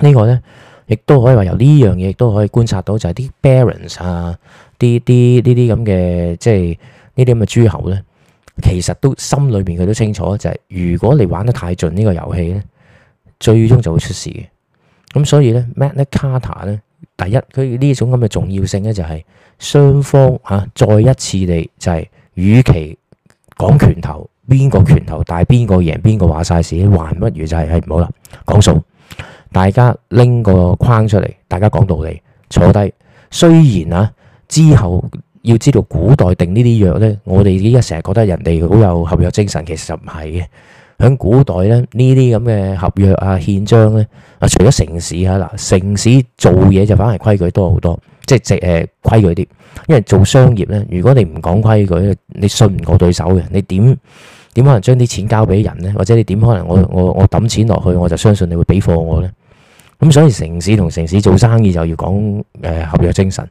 呢、呢個呢，亦都可以話由呢樣嘢，都可以觀察到就係啲 balance 啊，啲啲呢啲咁嘅即係。呢啲咁嘅諸侯咧，其實都心裏邊佢都清楚，就係、是、如果你玩得太盡呢個遊戲咧，最終就會出事嘅。咁所以咧，Magna Carta 咧，第一佢呢種咁嘅重要性咧，就係雙方嚇、啊、再一次地就係，與其講拳頭，邊個拳頭大邊個贏邊個話晒事，還不如就係係唔好啦，講數，大家拎個框出嚟，大家講道理，坐低。雖然啊之後。要知道古代定呢啲約呢，我哋依家成日覺得人哋好有合約精神，其實唔係嘅。喺古代呢，呢啲咁嘅合約啊、憲章呢，啊除咗城市嚇嗱，城市做嘢就反而規矩多好多，即係誒規矩啲。因為做商業呢，如果你唔講規矩，你信唔過對手嘅，你點點可能將啲錢交俾人呢？或者你點可能我我我抌錢落去，我就相信你會俾貨我呢。咁所以城市同城市做生意就要講誒、呃、合約精神。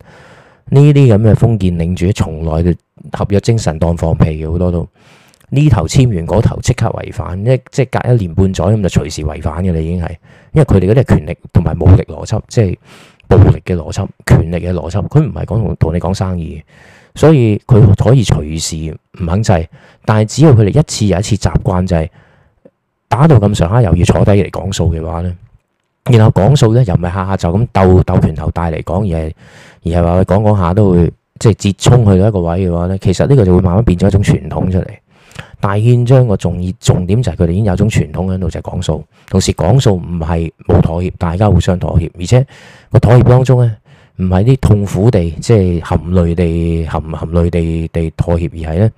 呢啲咁嘅封建領主，從來嘅合約精神當放屁嘅，好多都呢頭簽完嗰頭即刻違反，一即係隔一年半載咁就隨時違反嘅啦。已經係因為佢哋嗰啲係權力同埋武力邏輯，即係暴力嘅邏輯、權力嘅邏輯。佢唔係講同同你講生意，所以佢可以隨時唔肯制。但係只要佢哋一次又一次習慣就係打到咁上下，又要坐低嚟講數嘅話呢。然後講數呢，又唔係下下就咁鬥鬥拳頭帶嚟講嘢。而係話佢講講下都會即係折衝，去到一個位嘅話呢，其實呢個就會慢慢變咗一種傳統出嚟。大憲章個重要重點就係佢哋已經有種傳統喺度，就係講數，同時講數唔係冇妥協，大家互相妥協，而且個妥協當中呢，唔係啲痛苦地，即、就、係、是、含淚地、含淚含淚地地妥協，而係呢，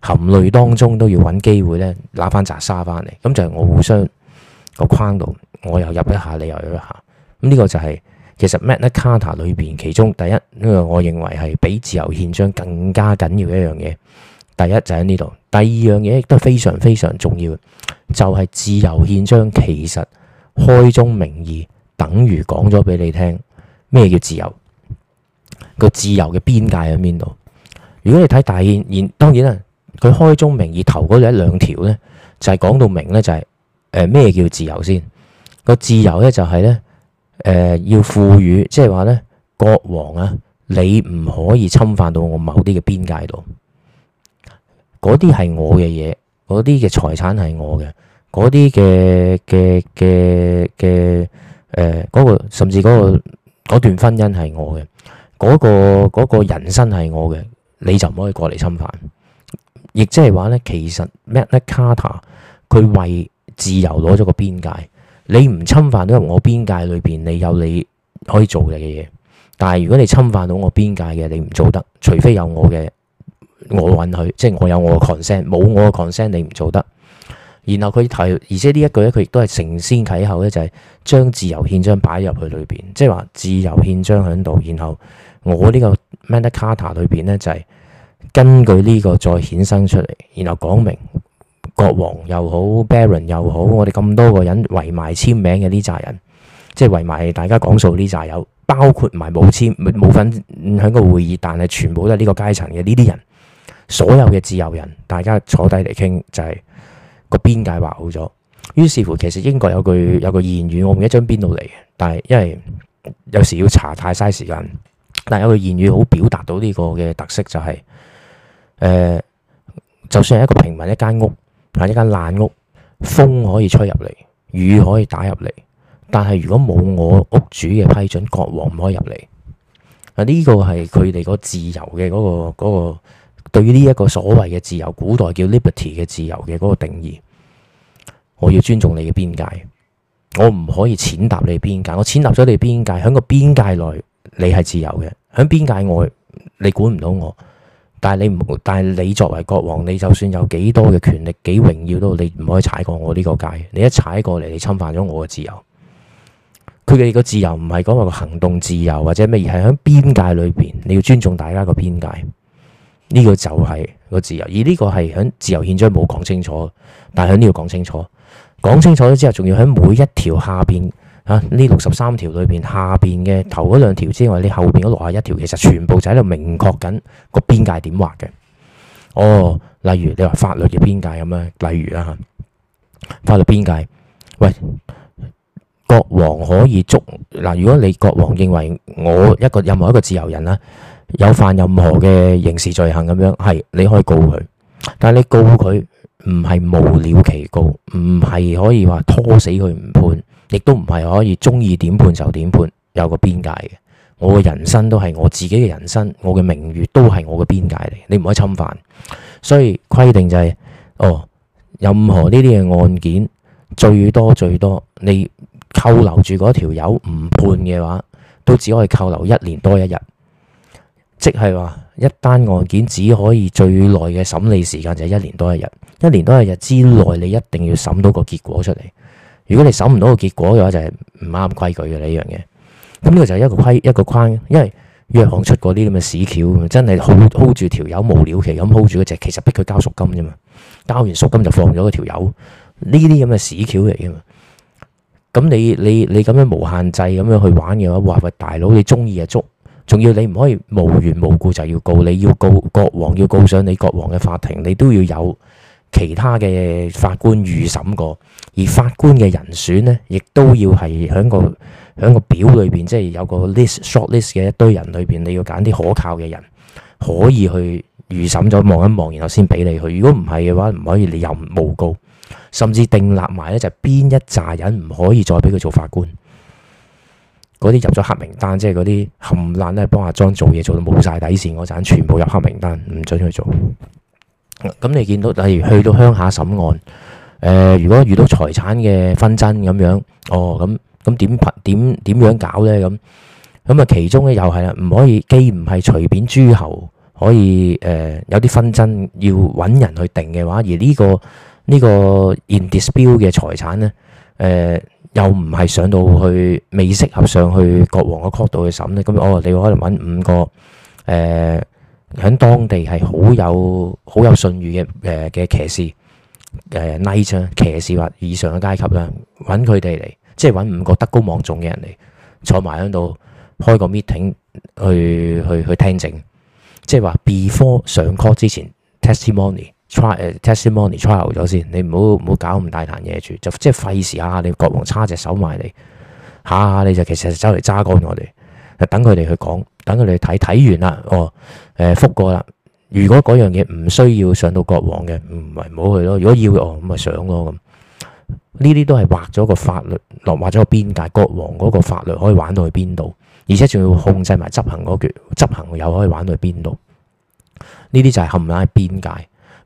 含淚當中都要揾機會呢，攬翻紮沙翻嚟。咁就係我互相、那個框度，我又入一下，你又入一下。咁呢個就係、是。其實 Magna Carta 裏邊，其中第一呢個，我認為係比自由憲章更加緊要一樣嘢。第一就喺呢度，第二樣嘢亦都非常非常重要，就係、是、自由憲章其實開宗明義，等於講咗俾你聽咩叫自由，個自由嘅邊界喺邊度。如果你睇大憲然，當然啦，佢開宗明義頭嗰兩條咧，就係講到明咧、就是，就係誒咩叫自由先個自由咧，就係咧。誒、呃，要賦予，即係話咧，國王啊，你唔可以侵犯到我某啲嘅邊界度，嗰啲係我嘅嘢，嗰啲嘅財產係我嘅，嗰啲嘅嘅嘅嘅，誒，嗰、呃那個、甚至嗰、那個、段婚姻係我嘅，嗰、那個那個人生係我嘅，你就唔可以過嚟侵犯。亦即係話咧，其實 Magna Carta 佢為自由攞咗個邊界。你唔侵犯到我邊界裏邊，你有你可以做嘅嘢。但係如果你侵犯到我邊界嘅，你唔做得，除非有我嘅我允許，即係我有我嘅 consent，冇我嘅 consent，你唔做得。然後佢提，而且呢一句咧，佢亦都係承先啟後咧，就係、是、將自由憲章擺入去裏邊，即係話自由憲章喺度。然後我呢個 Magna Carta 裏邊咧，面就係根據呢個再衍生出嚟，然後講明。國王又好，baron 又好，我哋咁多個人圍埋簽名嘅呢紮人即係圍埋大家講數呢紮友包括埋冇簽冇份響個會議，但係全部都係呢個階層嘅呢啲人，所有嘅自由人，大家坐低嚟傾就係、是、個邊界劃好咗。於是乎，其實英國有句有個諺語，我唔記得張邊度嚟，但係因為有時要查太嘥時間，但係有個諺語好表達到呢個嘅特色就係、是、誒、呃，就算係一個平民一間屋。嗱，呢間爛屋，風可以吹入嚟，雨可以打入嚟，但係如果冇我屋主嘅批准，國王唔可以入嚟。啊，呢個係佢哋個自由嘅嗰個嗰個，對於呢一個所謂嘅自由，古代叫 Liberty 嘅自由嘅嗰個定義，我要尊重你嘅邊界，我唔可以踐踏你邊界，我踐踏咗你邊界，喺個邊界內你係自由嘅，喺邊界外你管唔到我。但係你唔，但係你作為國王，你就算有幾多嘅權力、幾榮耀都，你唔可以踩過我呢個界。你一踩過嚟，你侵犯咗我嘅自由。佢哋個自由唔係講話個行動自由或者咩，而係喺邊界裏邊，你要尊重大家個邊界。呢個就係個自由，而呢個係喺自由憲章冇講清楚，但係喺呢度講清楚，講清楚咗之後，仲要喺每一條下邊。呢六十三條裏邊，下邊嘅頭嗰兩條之外，你後邊嗰六十一條，其實全部就喺度明確緊個邊界點劃嘅。哦，例如你話法律嘅邊界咁啦，例如啦吓、啊，法律邊界，喂，國王可以捉嗱、啊，如果你國王認為我一個任何一個自由人啦，有犯任何嘅刑事罪行咁樣，係你可以告佢，但係你告佢唔係無了期告，唔係可以話拖死佢唔判。亦都唔係可以中意點判就點判，有個邊界嘅。我嘅人生都係我自己嘅人生，我嘅名譽都係我嘅邊界嚟，你唔可以侵犯。所以規定就係哦，任何呢啲嘅案件最多最多，你扣留住嗰條友唔判嘅話，都只可以扣留一年多一日，即係話一單案件只可以最耐嘅審理時間就係一年多一日，一年多一日之內你一定要審到個結果出嚟。如果你審唔到個結果嘅話，就係唔啱規矩嘅呢樣嘢。咁呢個就係一個規一個框，因為若行出過啲咁嘅屎橋，真係 hold, hold 住條友無聊期咁 hold 住嘅，就其實逼佢交贖金啫嘛。交完贖金就放咗嗰條友，呢啲咁嘅屎橋嚟噶嘛。咁你你你咁樣無限制咁樣去玩嘅話，話喂，大佬你中意就捉，仲要你唔可以無緣無故就要告你，你要告國王要告上你國王嘅法庭，你都要有其他嘅法官預審過。而法官嘅人選呢，亦都要係喺個喺個表裏邊，即係有個 list short list 嘅一堆人裏邊，你要揀啲可靠嘅人，可以去預審咗望一望，然後先俾你去。如果唔係嘅話，唔可以你又誣告，甚至訂立埋咧就係邊一紮人唔可以再俾佢做法官。嗰啲入咗黑名單，即係嗰啲冚爛咧，幫阿莊做嘢做到冇晒底線嗰陣，全部入黑名單，唔準去做。咁你見到例如去到鄉下審案。誒，如果遇到財產嘅紛爭咁樣，哦，咁咁點憑點點樣搞咧？咁咁啊，其中咧又係啦，唔可以，既唔係隨便諸侯可以誒、呃，有啲紛爭要揾人去定嘅話，而呢、這個呢、這個 in dispute 嘅財產咧，誒、呃、又唔係上到去未適合上去國王嘅 court 度去審咧，咁、嗯、哦，你可能揾五個誒喺、呃、當地係好有好有信譽嘅誒嘅騎士。誒 Knight 騎士或以上嘅階級啦，搵佢哋嚟，即係搵五個德高望重嘅人嚟坐埋喺度開個 meeting 去去去聽證，即係話 before 上 court 之前 testimony try、呃、testimony trial 咗先，你唔好唔好搞咁大壇嘢住，就即係費事下你國王叉隻手埋嚟，下、啊、下你就其實就走嚟揸干我哋，等佢哋去講，等佢哋睇睇完啦，哦，誒、呃，覆過啦。如果嗰樣嘢唔需要上到國王嘅，唔係唔好去咯。如果要嘅哦，咁咪上咯咁。呢啲都係劃咗個法律，落劃咗個邊界。國王嗰個法律可以玩到去邊度，而且仲要控制埋執行嗰、那、橛、個，執行又可以玩到去邊度。呢啲就係冚唪唥邊界。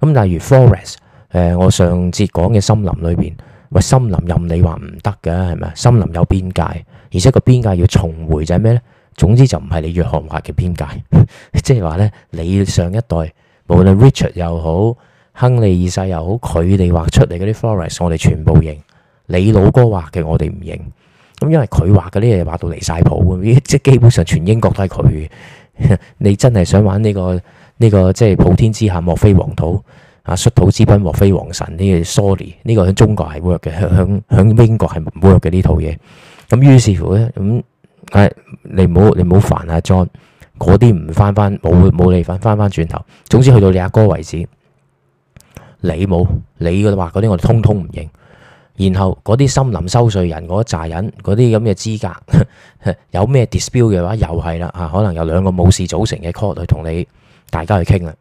咁、嗯、例如 forest，誒，我上節講嘅森林裏邊，喂，森林任你話唔得嘅係咪？森林有邊界，而且個邊界要重回就係咩呢？總之就唔係你約翰畫嘅邊界，即係話咧，你上一代無論 Richard 又好，亨利二世又好，佢哋畫出嚟嗰啲 forest，我哋全部認。你老哥畫嘅我哋唔認，咁因為佢畫嗰啲嘢畫到離曬譜，即基本上全英國都係佢。 你真係想玩呢、呢個呢、呢個即係普天之下莫非王土，啊，率土之濱莫非王臣呢？sorry，呢個喺中國係 work 嘅，喺喺英國係唔 work 嘅呢套嘢。咁於是乎咧咁。嗯誒、哎，你唔好你唔好煩阿 John，嗰啲唔翻翻，冇冇你份翻翻轉頭。總之去到你阿哥，哥為止，你冇你嘅話嗰啲我通通唔認。然後嗰啲森林收稅人嗰扎人，嗰啲咁嘅資格 有咩 dispute 嘅話，又係啦吓，可能有兩個武士組成嘅 court 去同你大家去傾啦，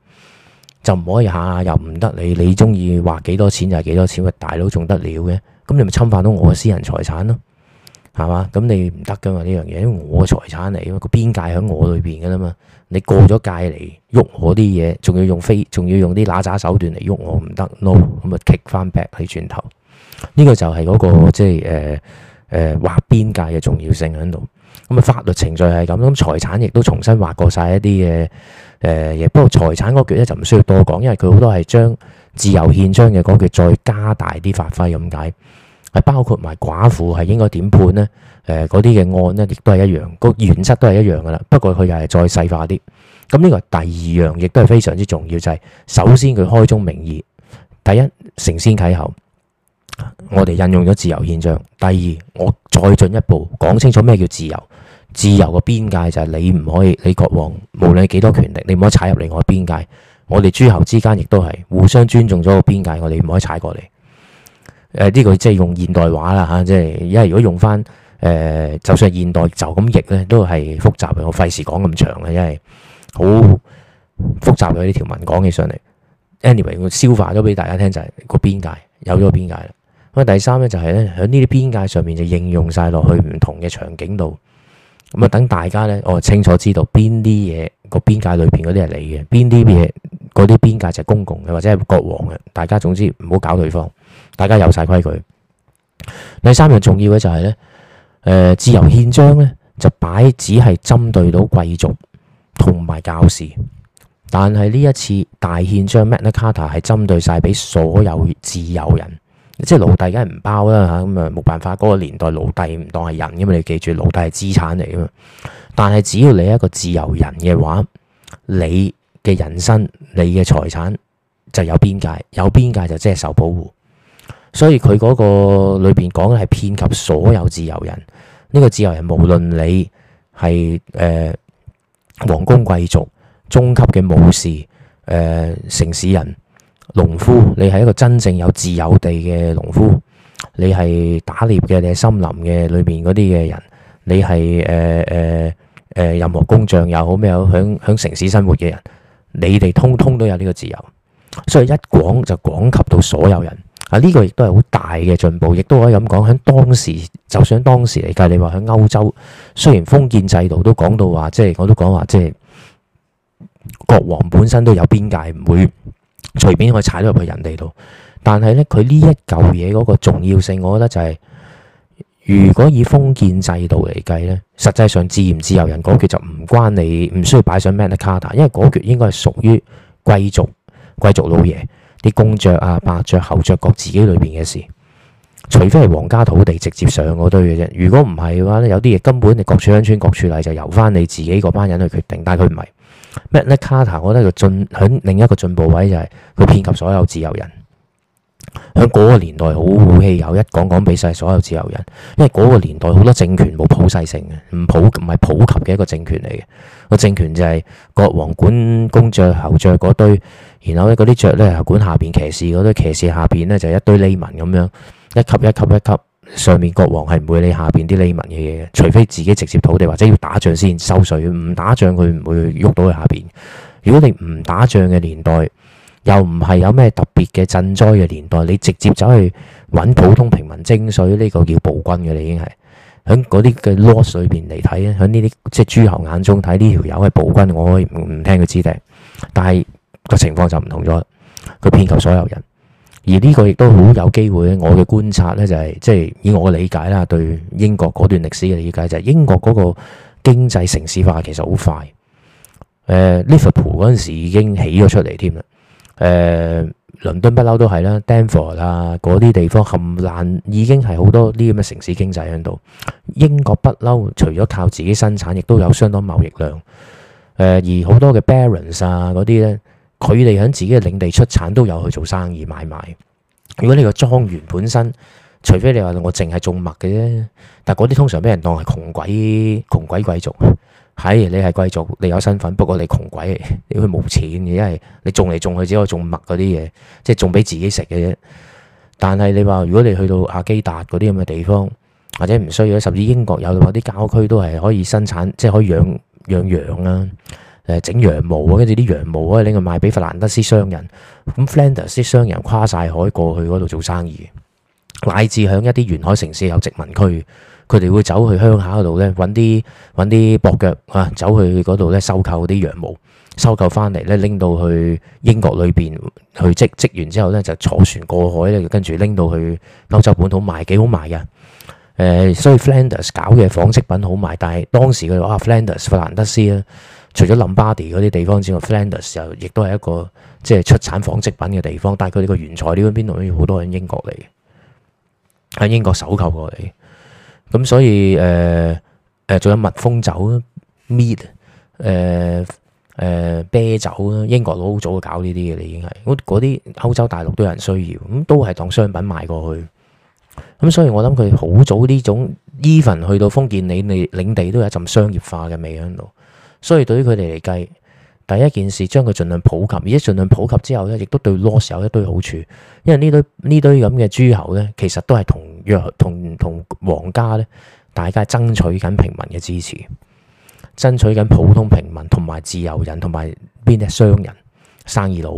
就唔可以下下、啊、又唔得你，你中意話幾多錢就係幾多錢，大佬仲得了嘅，咁你咪侵犯到我嘅私人財產咯。係嘛？咁你唔得噶嘛，呢樣嘢，因為我嘅財產嚟，個邊界喺我裏邊噶啦嘛。你過咗界嚟喐我啲嘢，仲要用飛，仲要用啲揦喳手段嚟喐我，唔得。No，咁啊，棘翻 back 喺轉頭。呢個就係嗰個即係誒誒劃邊界嘅重要性喺度。咁、嗯、啊，法律程序係咁，咁財產亦都重新劃過晒一啲嘅誒嘢。不、呃、過財產嗰句咧就唔需要多講，因為佢好多係將自由憲章嘅嗰句再加大啲發揮咁解。包括埋寡婦係應該點判呢？誒嗰啲嘅案呢亦都係一樣，個原則都係一樣噶啦。不過佢又係再細化啲。咁呢個係第二樣，亦都係非常之重要。就係首先佢開宗明義，第一承先啟後，我哋引用咗自由現象。第二，我再進一步講清楚咩叫自由，自由嘅邊界就係你唔可以，你國王無論你幾多權力，你唔可以踩入另外邊界。我哋諸侯之間亦都係互相尊重咗個邊界，我哋唔可以踩過嚟。誒呢個即係用現代話啦嚇，即係因為如果用翻誒、呃，就算係現代就咁譯咧，都係複雜嘅。我費事講咁長啦，因為好複雜嘅啲條文講起上嚟。anyway，我消化咗俾大家聽就係、是、個邊界有咗邊界啦。咁第三咧就係咧，喺呢啲邊界上面就應用晒落去唔同嘅場景度。咁啊，等大家咧我清楚知道邊啲嘢，個邊界裏邊嗰啲係你嘅，邊啲嘢嗰啲邊界就係公共嘅或者係國王嘅。大家總之唔好搞對方。大家有晒規矩。第三樣重要嘅就係、是、咧，誒、呃、自由憲章咧就擺，只係針對到貴族同埋教士。但係呢一次大憲章 Magna Carta 係針對晒俾所有自由人，即係奴隸梗係唔包啦嚇。咁啊，冇辦法嗰、那個年代奴隸唔當係人噶嘛。你記住，奴隸係資產嚟噶嘛。但係只要你一個自由人嘅話，你嘅人身、你嘅財產就有邊界，有邊界就即係受保護。所以佢嗰個裏邊講嘅係遍及所有自由人。呢、個自由人無，無論你係誒皇宮貴族、中級嘅武士、誒、呃、城市人、農夫，你係一個真正有自由地嘅農夫，你係打獵嘅，你係森林嘅裏邊嗰啲嘅人，你係誒誒誒任何工匠又好咩，響響城市生活嘅人，你哋通通都有呢個自由。所以一講就廣及到所有人。啊！呢個亦都係好大嘅進步，亦都可以咁講。喺當時，就算喺當時嚟計，你話喺歐洲，雖然封建制度都講到話，即係我都講話，即係國王本身都有邊界，唔會隨便可以踩咗入去人哋度。但係呢，佢呢一嚿嘢嗰個重要性，我覺得就係如果以封建制度嚟計呢，實際上自唔自由人嗰橛就唔關你，唔需要擺上曼達卡達，因為嗰橛應該係屬於貴族、貴族老爺。啲公爵啊、伯爵、侯爵，各自己裏邊嘅事，除非係皇家土地直接上嗰堆嘅啫。如果唔係嘅話咧，有啲嘢根本你各處鄉村各處例，就由翻你自己嗰班人去決定。但係佢唔係 Magna Carta，我覺得係進響另一個進步位，就係佢遍及所有自由人。喺嗰個年代好好器有一講講俾晒所有自由人，因為嗰個年代好多政權冇普世性嘅，唔普唔係普及嘅一個政權嚟嘅。個政權就係國王管公爵、侯爵嗰堆，然後呢嗰啲爵呢係管下邊騎士嗰堆，騎士下邊呢就一堆黎民咁樣，一級一級一級，一級上面國王係唔會理下邊啲黎民嘅嘢嘅，除非自己直接土地或者要打仗先收稅，唔打仗佢唔會喐到去下邊。如果你唔打仗嘅年代。又唔係有咩特別嘅賑災嘅年代，你直接走去揾普通平民徵稅呢個叫暴君嘅，你已經係喺嗰啲嘅 logic 嚟睇咧。喺呢啲即係諸侯眼中睇呢條友係暴君，我唔聽佢指令。但係、這個情況就唔同咗，佢騙求所有人。而呢個亦都好有機會我嘅觀察呢、就係，就係即係以我嘅理解啦，對英國嗰段歷史嘅理解就係英國嗰個經濟城市化其實好快。誒 Liverpool 嗰陣時已經起咗出嚟添啦。誒，倫、呃、敦不嬲都係啦，Dover 啦嗰啲地方冚爛，已經係好多啲咁嘅城市經濟喺度。英國不嬲，除咗靠自己生產，亦都有相當貿易量。誒、呃，而好多嘅 Barons 啊，嗰啲呢，佢哋喺自己嘅領地出產，都有去做生意買賣。如果你個莊園本身，除非你話我淨係種麥嘅啫，但嗰啲通常俾人當係窮鬼，窮鬼貴族。係、哎，你係貴族，你有身份，不過你窮鬼，你會冇錢嘅，因為你種嚟種去，只可以種麥嗰啲嘢，即係種俾自己食嘅啫。但係你話，如果你去到阿基達嗰啲咁嘅地方，或者唔需要，甚至英國有嘅話，啲郊區都係可以生產，即係可以養養羊啦、啊，誒整羊毛啊，跟住啲羊毛啊拎去賣俾弗蘭德斯商人，咁弗蘭德斯商人跨晒海過去嗰度做生意，乃至響一啲沿海城市有殖民區。佢哋會走去鄉下嗰度咧，揾啲揾啲駁腳啊，走去嗰度咧收購啲羊毛，收購翻嚟咧拎到去英國裏邊去織，織完之後咧就坐船過海咧，跟住拎到去歐洲本土賣，幾好賣嘅。誒、呃，所以 Flanders 搞嘅紡織品好賣，但係當時嘅話、啊，Flanders 弗蘭德斯啊，除咗林巴迪嗰啲地方之外，Flanders 又亦都係一個即係出產紡織品嘅地方，但係佢哋嘅原材料喺邊度？好多喺英國嚟嘅，喺英國搜購過嚟。咁所以誒誒，仲、呃、有蜜蜂酒啦、meat 誒、呃、誒、呃、啤酒啦，英國佬好早就搞呢啲嘅，你已經係嗰啲歐洲大陸都有人需要，咁都係當商品賣過去。咁所以我諗佢好早呢種 even 去到封建，你你領地都有一陣商業化嘅味喺度。所以對於佢哋嚟計。第一件事，將佢儘量普及，而且儘量普及之後咧，亦都對 loss 有一堆好處。因為呢堆呢堆咁嘅諸侯咧，其實都係同若同同皇家咧，大家爭取緊平民嘅支持，爭取緊普通平民同埋自由人同埋邊啲商人、生意佬，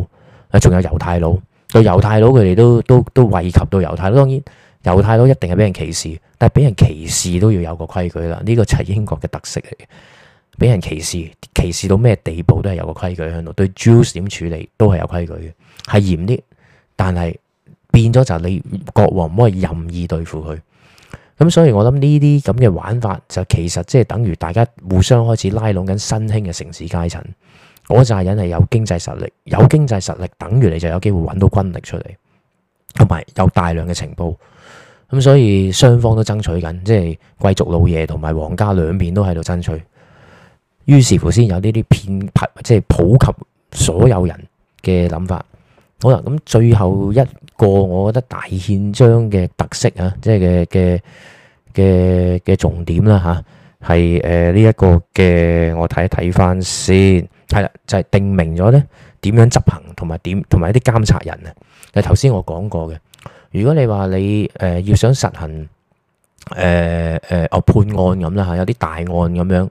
仲有猶太佬。對猶太佬佢哋都都都惠及到猶太佬。當然猶太佬一定係俾人歧視，但係俾人歧視都要有個規矩啦。呢個就係英國嘅特色嚟嘅。俾人歧視，歧視到咩地步都係有個規矩喺度。對 Jews 點處理都係有規矩嘅，係嚴啲，但係變咗就係你國王唔可以任意對付佢。咁所以我諗呢啲咁嘅玩法就其實即係等於大家互相開始拉攏緊新興嘅城市階層。嗰扎人係有經濟實力，有經濟實力等於你就有機會揾到軍力出嚟，同埋有，有大量嘅情報。咁所以雙方都爭取緊，即係貴族老爺同埋皇家兩邊都喺度爭取。於是乎先有呢啲普及，即係普及所有人嘅諗法。好啦，咁最後一個，我覺得大憲章嘅特色啊，即係嘅嘅嘅嘅重點啦嚇，係誒呢一個嘅我睇一睇翻先係啦，就係定明咗咧點樣執行，同埋點同埋一啲監察人啊。誒頭先我講過嘅，如果你話你誒要想實行誒誒哦判案咁啦嚇，有啲大案咁樣。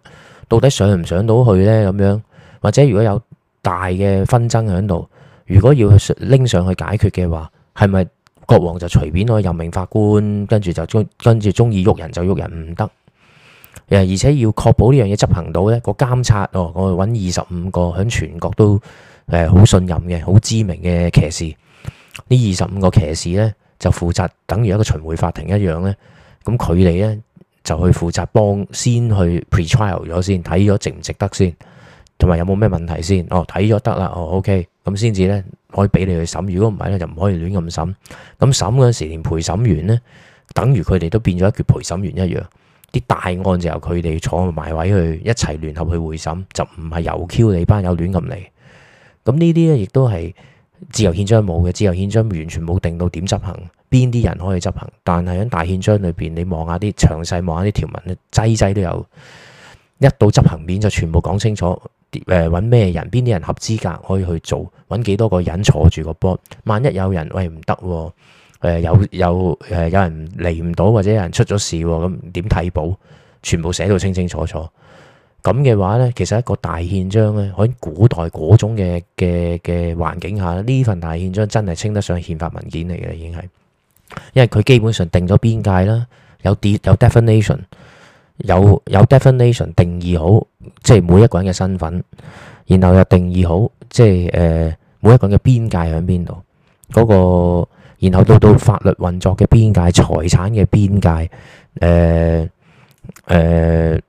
到底上唔上到去呢？咁樣，或者如果有大嘅紛爭喺度，如果要拎上去解決嘅話，係咪國王就隨便去任命法官，跟住就跟住中意喐人就喐人唔得？而且要確保呢樣嘢執行到呢、個監察我揾二十五個喺全國都誒好信任嘅、好知名嘅騎士。呢二十五個騎士呢，就負責，等於一個巡回法庭一樣呢，咁佢哋呢。就去負責幫先去 pretrial 咗先，睇咗值唔值得先，同埋有冇咩問題先哦，睇咗得啦哦，OK，咁先至咧可以俾、哦 OK，你去審，如果唔係咧就唔可以亂咁審。咁審嗰陣時，連陪審員呢，等於佢哋都變咗一撅陪審員一樣。啲大案就由佢哋坐埋位去一齊聯合去會審，就唔係由 Q 你班友亂咁嚟。咁呢啲咧亦都係自由憲章冇嘅，自由憲章完全冇定到點執行。邊啲人可以執行？但係喺大憲章裏邊，你望下啲詳細，望下啲條文咧，劑劑都有。一到執行面就全部講清楚，誒揾咩人，邊啲人合資格可以去做，揾幾多個人坐住個波。萬一有人喂，唔得喎，有有誒、呃、有人嚟唔到，或者有人出咗事，啊，咁點替補？全部寫到清清楚楚。咁嘅話咧，其實一個大憲章咧，喺古代嗰種嘅嘅嘅環境下，呢份大憲章真係稱得上憲法文件嚟嘅，已經係。因為佢基本上定咗邊界啦，有 def 有 definition，有有 definition 定義好，即係每一個人嘅身份，然後又定義好，即係誒、呃、每一個人嘅邊界喺邊度，嗰、嗰個然後到到法律運作嘅邊界、財產嘅邊界，誒誒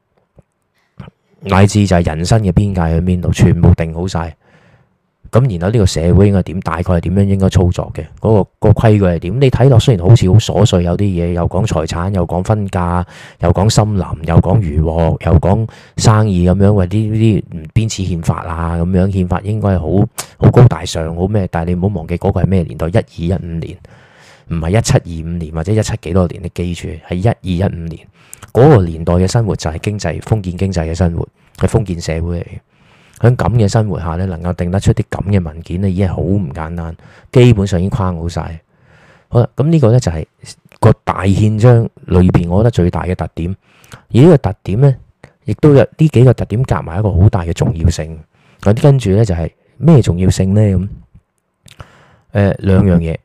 乃至就係人生嘅邊界喺邊度，全部定好晒。咁，然後呢個社會應該點？大概係點樣應該操作嘅？嗰、嗰個、嗰個規矩係點？你睇落雖然好似好瑣碎有，有啲嘢又講財產，又講分家，又講森林，又講漁獲，又講生意咁樣。喂，呢呢啲邊次憲法啊？咁樣憲法應該係好好高大上，好咩？但係你唔好忘記嗰個係咩年代？一二一五年，唔係一七二五年或者一七幾多年？你記住係一二一五年嗰、嗰個年代嘅生活就係經濟封建經濟嘅生活，係封建社會嚟喺咁嘅生活下咧，能夠定得出啲咁嘅文件咧，已經係好唔簡單，基本上已經框好晒。好啦，咁呢個咧就係個大憲章裏邊，我覺得最大嘅特點。而呢個特點咧，亦都有呢幾個特點夾埋一個好大嘅重要性。咁跟住咧就係咩重要性咧咁？誒、呃、兩樣嘢，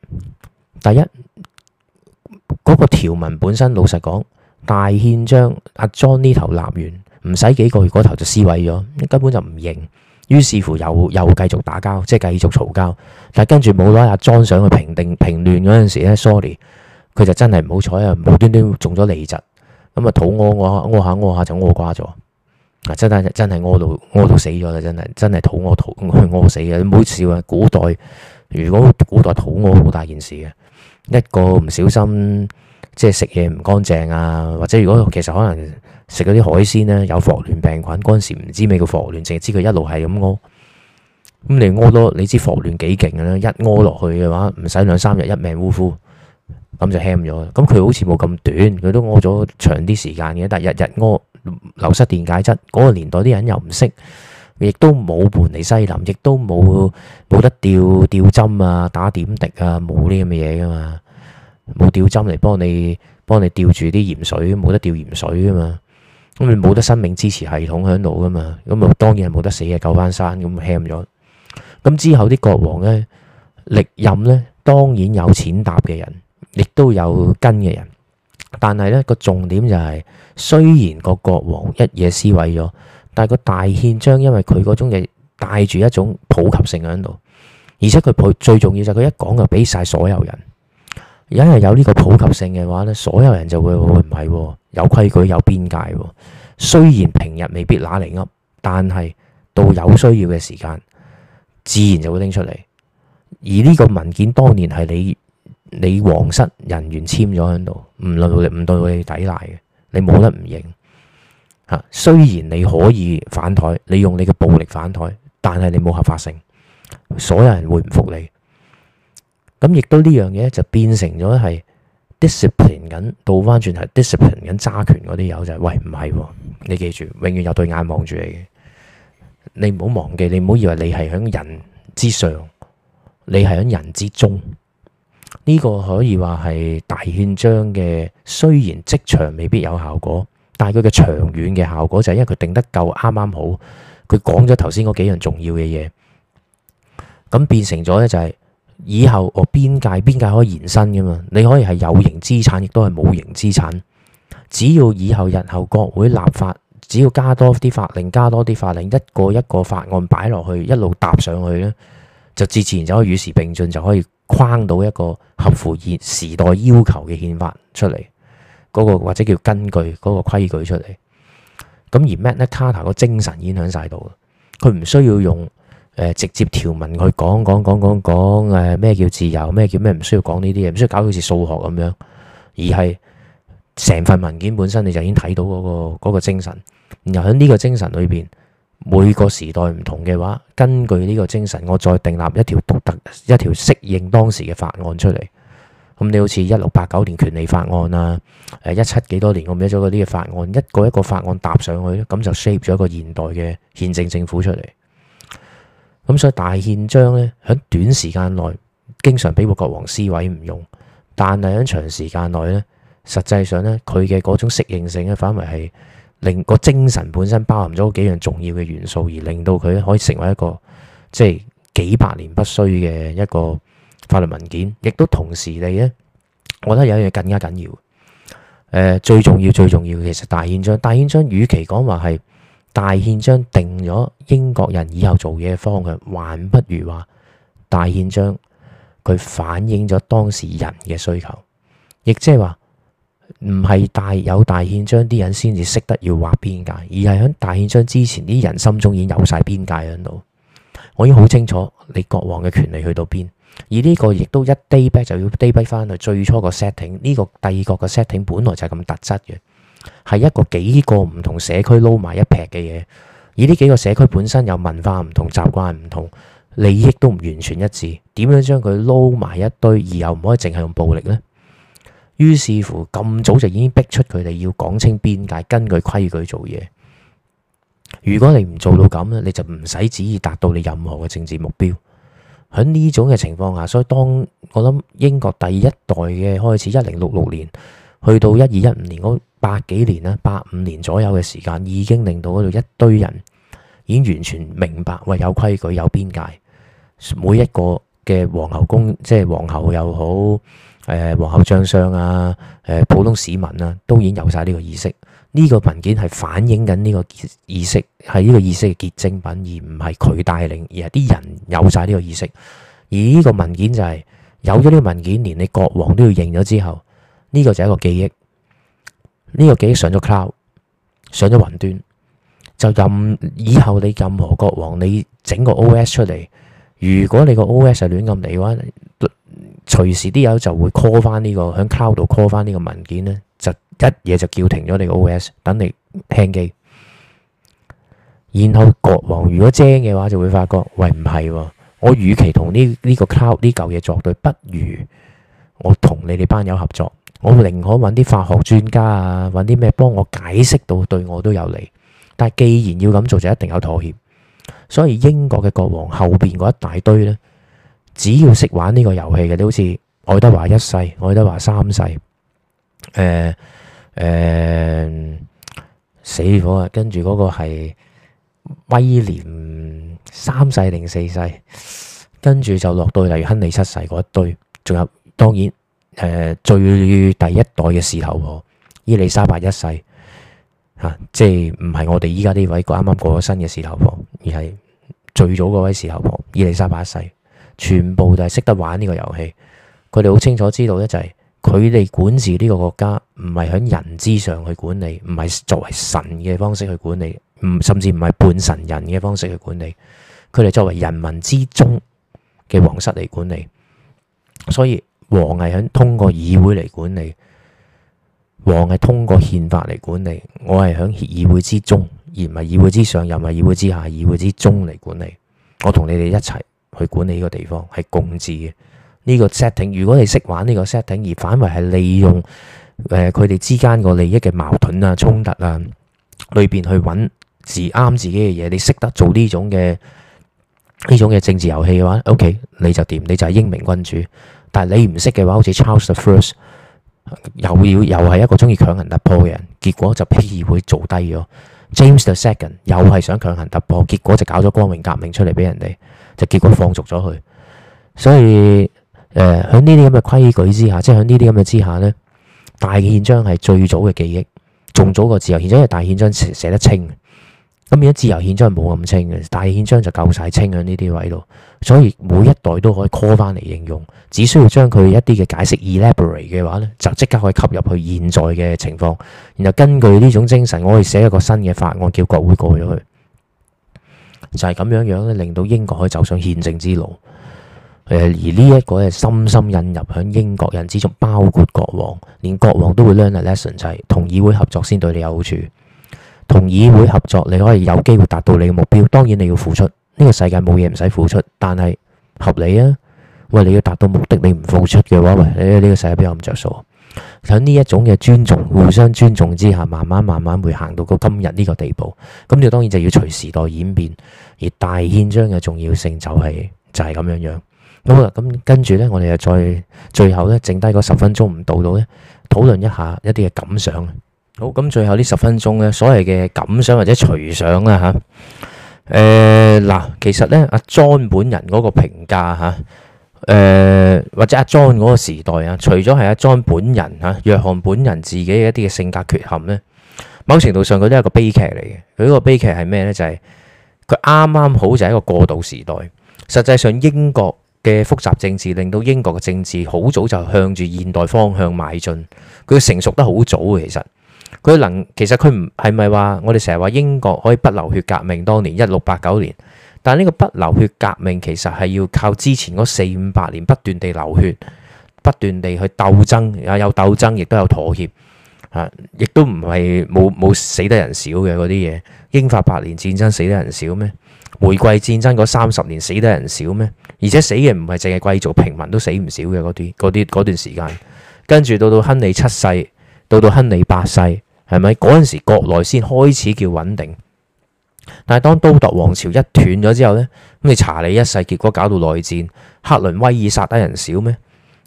第一嗰、嗰個條文本身，老實講，大憲章阿 John 呢頭立完。唔使幾個月嗰頭就撕毀咗，根本就唔認。於是乎又又繼續打交，即係繼續嘈交。但係跟住冇耐下 John 上去平定平亂嗰陣時咧，sorry，佢就真係唔好彩啊！無端端中咗痢疾，咁啊肚屙屙下屙下屙下屙下就屙瓜咗。啊！真係真係屙到屙到死咗嘅，真係真係肚屙肚屙死嘅。你唔好笑話，古代如果古代肚屙好大件事嘅，一個唔小心。即係食嘢唔乾淨啊，或者如果其實可能食嗰啲海鮮呢，有霍亂病菌，嗰陣時唔知咩叫霍亂，淨係知佢一路係咁屙。咁你屙多，你知霍亂幾勁嘅咧？一屙落去嘅話，唔使兩三日一命嗚呼，咁就輕咗。咁佢好似冇咁短，佢都屙咗長啲時間嘅。但係日日屙，流失電解質。嗰、那個年代啲人又唔識，亦都冇盤尼西林，亦都冇冇得吊吊針啊、打點滴啊，冇呢咁嘅嘢噶嘛。冇吊針嚟幫你，幫你吊住啲鹽水，冇得吊鹽水㗎嘛！咁你冇得生命支持系統喺度㗎嘛！咁啊，當然係冇得死嘅，救翻生咁喊咗。咁之後啲國王呢，歷任呢，當然有踐踏嘅人，亦都有跟嘅人。但係呢個重點就係、是，雖然個國王一夜撕毀咗，但係個大憲章因為佢嗰種嘢帶住一種普及性喺度，而且佢最最重要就係佢一講就俾晒所有人。因為有呢個普及性嘅話呢，所有人就會唔係有規矩有邊界。雖然平日未必攞嚟噏，但係到有需要嘅時間，自然就會拎出嚟。而呢個文件當年係你你皇室人員簽咗喺度，唔論你唔對會抵賴嘅，你冇得唔認。嚇！雖然你可以反台，你用你嘅暴力反台，但係你冇合法性，所有人會唔服你。咁亦都呢樣嘢咧，就變成咗係 discipline 緊，倒翻轉頭，discipline 緊揸權嗰啲友就係，喂唔係，你記住，永遠有對眼望住你嘅，你唔好忘記，你唔好以為你係響人之上，你係響人之中，呢個可以話係大憲章嘅，雖然即場未必有效果，但係佢嘅長遠嘅效果就係因為佢定得夠啱啱好，佢講咗頭先嗰幾樣重要嘅嘢，咁變成咗咧就係。以後我邊界邊界可以延伸噶嘛？你可以係有形資產亦都係冇形資產，只要以後日後國會立法，只要加多啲法令，加多啲法令，一個一個法案擺落去，一路搭上去咧，就自然就可以與時並進，就可以框到一個合乎現時代要求嘅憲法出嚟，嗰個或者叫根據嗰、嗰個規矩出嚟。咁而 Magna Carta 個精神影響晒到，佢唔需要用。直接條文去講講講講講，誒咩叫自由，咩叫咩，唔需要講呢啲嘢，唔需要搞好似數學咁樣，而係成份文件本身你就已經睇到嗰個嗰個精神，然後喺呢個精神裏邊，每個時代唔同嘅話，根據呢個精神，我再訂立一條獨特一條適應當時嘅法案出嚟，咁你好似一六八九年權利法案啦，一七幾多年我唔記得咗嗰啲嘅法案，一個一個法案搭上去，咁就 shape 咗一個現代嘅憲政政府出嚟。咁所以大憲章咧，喺短時間內，經常俾個國王撕毀唔用，但係喺長時間內咧，實際上咧，佢嘅嗰種適應性咧，反為係令個精神本身包含咗幾樣重要嘅元素，而令到佢可以成為一個即係幾百年不衰嘅一個法律文件，亦都同時地咧，我覺得有一樣更加緊要，誒最重要最重要嘅其實大憲章，大憲章與其講話係，大憲章定咗英國人以後做嘢嘅方向，還不如話大憲章佢反映咗當時人嘅需求，亦即係話唔係大有大憲章啲人先至識得要畫邊界，而係喺大憲章之前啲人心中已經有晒邊界喺度，我已經好清楚你國王嘅權利去到邊，而呢個亦都一跌 back 就要跌 back 翻去最初個 setting，呢個帝國嘅 setting 本來就係咁特質嘅。係一個幾個唔同社區撈埋一劈嘅嘢，而呢幾個社區本身有文化唔同、習慣唔同、利益都唔完全一致，點樣將佢撈埋一堆，而又唔可以淨係用暴力呢？於是乎咁早就已經逼出佢哋要講清邊界，根據規矩做嘢。如果你唔做到咁咧，你就唔使旨意達到你任何嘅政治目標。喺呢種嘅情況下，所以當我諗英國第一代嘅開始，一零六六年去到一二一五年百幾年啦，百五年左右嘅時間，已經令到嗰度一堆人已經完全明白，喂，有規矩，有邊界，每一個嘅皇后宮，即係皇后又好，誒皇后將相啊，誒普通市民啊，都已經有晒呢個意識。呢、這個文件係反映緊呢個意識，係呢個意識嘅結晶品，而唔係佢帶領，而係啲人有晒呢個意識。而呢個文件就係、是、有咗呢個文件，連你國王都要認咗之後，呢、這個就係一個記憶。呢個記憶上咗 cloud，上咗雲端，就任以後，你任何國王，你整個 OS 出嚟，如果你個 OS 係亂咁嚟嘅話，隨時啲友就會 call 翻呢、呢個喺 cloud 度 call 翻呢個文件呢，就一嘢就叫停咗你個 OS，等你輕機。然後國王如果精嘅話，就會發覺，喂唔係喎，我與其同呢呢個 cloud 呢舊嘢作對，不如我同你哋班友合作。我會寧可揾啲法學專家啊，揾啲咩幫我解釋到對我都有利。但係既然要咁做，就一定有妥協。所以英國嘅國王後邊嗰一大堆呢，只要識玩呢個遊戲嘅，你好似愛德華一世、愛德華三世，誒、呃、誒、呃、死火啊！跟住嗰個係威廉三世定四世，跟住就落到例如亨利七世嗰一堆，仲有當然。誒，最第一代嘅事頭婆伊麗莎白一世，吓，即係唔係我哋依家呢位啱啱過咗身嘅事頭婆，而係最早嗰位事頭婆伊麗莎白一世，全部就係識得玩呢個遊戲，佢哋好清楚知道咧、就係，就係佢哋管治呢個國家唔係響人之上去管理，唔係作為神嘅方式去管理，唔甚至唔係半神人嘅方式去管理，佢哋作為人民之中嘅皇室嚟管理，所以。王係響通過議會嚟管理，王係通過憲法嚟管理。我係響議會之中，而唔係議會之上，又唔係議會之下，議會之中嚟管理。我同你哋一齊去管理呢個地方，係共治嘅呢，這個 setting。如果你識玩呢個 setting，而反為係利用誒佢哋之間個利益嘅矛盾衝啊、衝突啊裏邊去揾字啱自己嘅嘢，你識得做呢種嘅呢種嘅政治遊戲嘅話，O、OK, K，你就掂，你就係英明君主。但係你唔識嘅話，好似 Charles the First 又要又係一個鍾意強行突破嘅人，結果就反而會做低咗。James the Second 又係想強行突破，結果就搞咗光榮革命出嚟俾人哋，就結果放逐咗佢。所以誒，喺呢啲咁嘅規矩之下，即係喺呢啲咁嘅之下呢，大憲章係最早嘅記憶，仲早過自由憲章，因為大憲章寫得清。咁而家自由憲章係冇咁清嘅，大憲章就夠晒清喺呢啲位度，所以每一代都可以 call 翻嚟應用，只需要將佢一啲嘅解釋 elaborate 嘅話呢，就即刻可以吸入去現在嘅情況，然後根據呢種精神，我可以寫一個新嘅法案叫國會過咗去，就係咁樣樣咧，令到英國可以走上憲政之路。而呢一個咧，深深引入響英國人之中，包括國王，連國王都會 learn a lesson，就係同議會合作先對你有好處。同議會合作，你可以有機會達到你嘅目標。當然你要付出，呢個世界冇嘢唔使付出，但係合理啊！喂，你要達到目的，你唔付出嘅話，喂，呢呢個世界邊有咁着數？喺呢一種嘅尊重，互相尊重之下，慢慢慢慢會行到個今日呢個地步。咁你當然就要隨時代演變，而大憲章嘅重要性就係就係咁樣樣。好啦，咁跟住呢，我哋又再最後呢，剩低嗰十分鐘唔到到呢，討論一下一啲嘅感想。好咁，最後呢十分鐘咧，所謂嘅感想或者隨想啦吓。誒、啊、嗱，其實咧阿 John 本人嗰個評價吓，誒、啊、或者阿 John 嗰個時代啊，除咗係阿 John 本人吓、啊，約翰本人自己一啲嘅性格缺陷咧，某程度上佢都係一個悲劇嚟嘅。佢個悲劇係咩咧？就係佢啱啱好就係一個過渡時代。實際上英國嘅複雜政治令到英國嘅政治好早就向住現代方向邁進，佢成熟得好早嘅，其實。佢能其實佢唔係咪話我哋成日話英國可以不流血革命？當年一六八九年，但係呢個不流血革命其實係要靠之前嗰四五百年不斷地流血，不斷地去鬥爭，有鬥爭亦都有妥協，啊亦都唔係冇冇死得人少嘅嗰啲嘢。英法百年戰爭死得人少咩？玫瑰戰爭嗰三十年死得人少咩？而且死嘅唔係淨係貴族，平民都死唔少嘅嗰啲嗰啲嗰段時間。跟住到到亨利七世，到到亨利八世。係咪嗰陣時國內先開始叫穩定？但係當都鐸王朝一斷咗之後呢，咁你查理一世結果搞到內戰，克倫威爾殺得人少咩？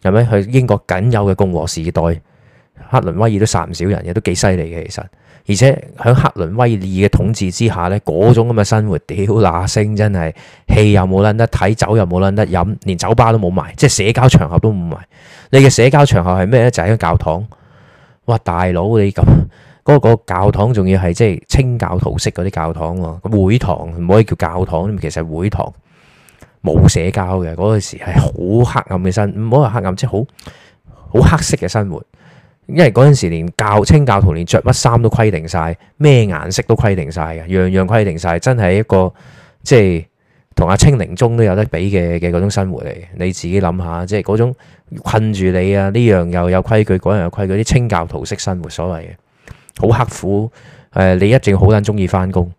係咪？去英國僅有嘅共和時代，克倫威爾都殺唔少人嘅，都幾犀利嘅其實。而且喺克倫威爾嘅統治之下呢，嗰種咁嘅生活，屌那星真係，戲，又冇捻得睇，酒又冇捻得飲，連酒吧都冇埋，即係社交場合都冇埋。你嘅社交場合係咩咧？就係喺教堂。哇大佬你咁～嗰個教堂仲要係即係清教徒式嗰啲教堂喎，會堂唔可以叫教堂，其實會堂冇社交嘅。嗰陣時係好黑暗嘅生，唔好話黑暗，即係好好黑色嘅生活。因為嗰陣時連教清教徒連着乜衫都規定晒，咩顏色都規定晒嘅，樣樣規定晒，真係一個即係同阿清零宗都有得比嘅嘅嗰種生活嚟嘅。你自己諗下，即係嗰種困住你啊，呢樣又有規矩，嗰樣又有規矩，啲清教徒式生活所謂嘅。好刻苦，誒、呃，你一定好捻中意翻工，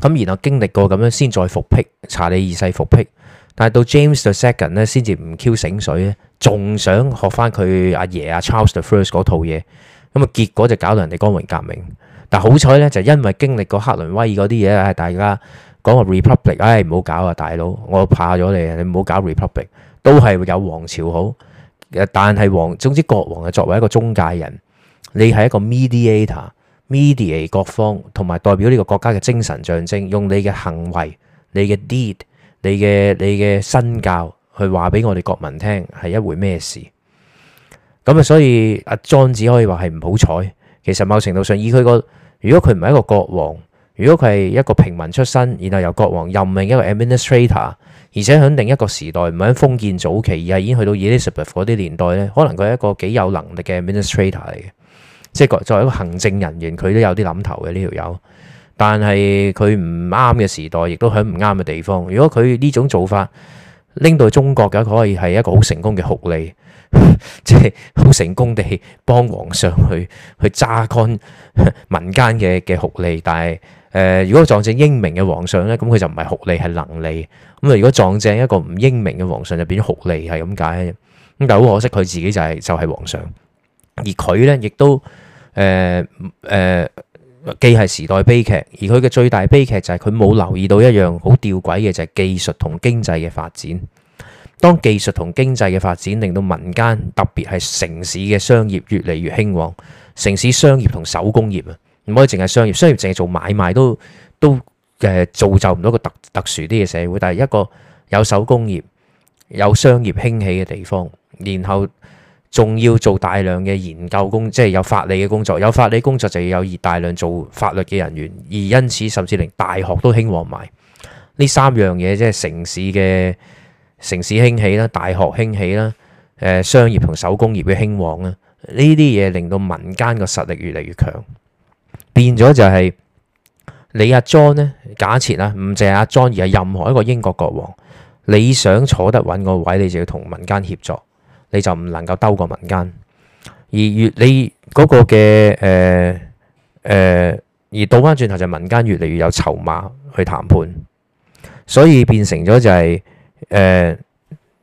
咁然後經歷過咁樣，先再復辟，查理二世復辟，但係到 James the Second 咧，先至唔 Q 醒水咧，仲想學翻佢阿爺阿 Charles the First 嗰套嘢，咁啊結果就搞到人哋光榮革命，但好彩呢，就是、因為經歷過克倫威爾嗰啲嘢，大家講話 Republic，唉、哎，唔好搞啊，大佬，我怕咗你，你唔好搞 Republic，都係有王朝好，但係王，總之國王啊，作為一個中介人。你係一個 mediator，mediate 各方同埋代表呢個國家嘅精神象徵，用你嘅行為、你嘅 deed、你嘅你嘅身教去話俾我哋國民聽係一回咩事？咁啊，所以阿莊只可以話係唔好彩。其實某程度上以，以佢個如果佢唔係一個國王，如果佢係一個平民出身，然後由國王任命一個 administrator，而且喺另一個時代唔係喺封建早期，而係已經去到 Elizabeth 嗰啲年代咧，可能佢係一個幾有能力嘅 administrator 嚟嘅。即係作為一個行政人員，佢都有啲諗頭嘅呢條友。但係佢唔啱嘅時代，亦都喺唔啱嘅地方。如果佢呢種做法拎到去中國嘅，佢可以係一個好成功嘅酷吏，即係好成功地幫皇上去去榨乾民間嘅嘅酷吏。但係誒，如果撞正英明嘅皇上咧，咁佢就唔係酷吏，係能吏。咁啊，如果撞正一個唔英明嘅皇上，就變咗酷吏係咁解。咁但係好可惜，佢自己就係就係皇上，而佢咧亦都。誒誒，uh, uh, 既係時代悲劇，而佢嘅最大悲劇就係佢冇留意到一樣好吊軌、吊詭嘅，就係技術同經濟嘅發展。當技術同經濟嘅發展令到民間特別係城市嘅商業越嚟越興旺，城市商業同手工業啊，唔可以淨係商業，商業淨係做買賣都都誒造就唔到一個特特殊啲嘅社會，但係一個有手工業、有商業興起嘅地方，然後。仲要做大量嘅研究工，即係有法理嘅工作。有法理工作就要有大量做法律嘅人員，而因此，甚至連大學都興旺埋呢三樣嘢，即係城市嘅城市興起啦，大學興起啦，誒商業同手工業嘅興旺啦。呢啲嘢令到民間嘅實力越嚟越強，變咗就係你阿 John 咧，假設啊，唔淨係阿 John，而係任何一個英國國王，你想坐得穩個位，你就要同民間協作。你就唔能夠兜過民間，而越你嗰個嘅誒誒，而倒翻轉頭就民間越嚟越有籌碼去談判，所以變成咗就係、是、誒、呃、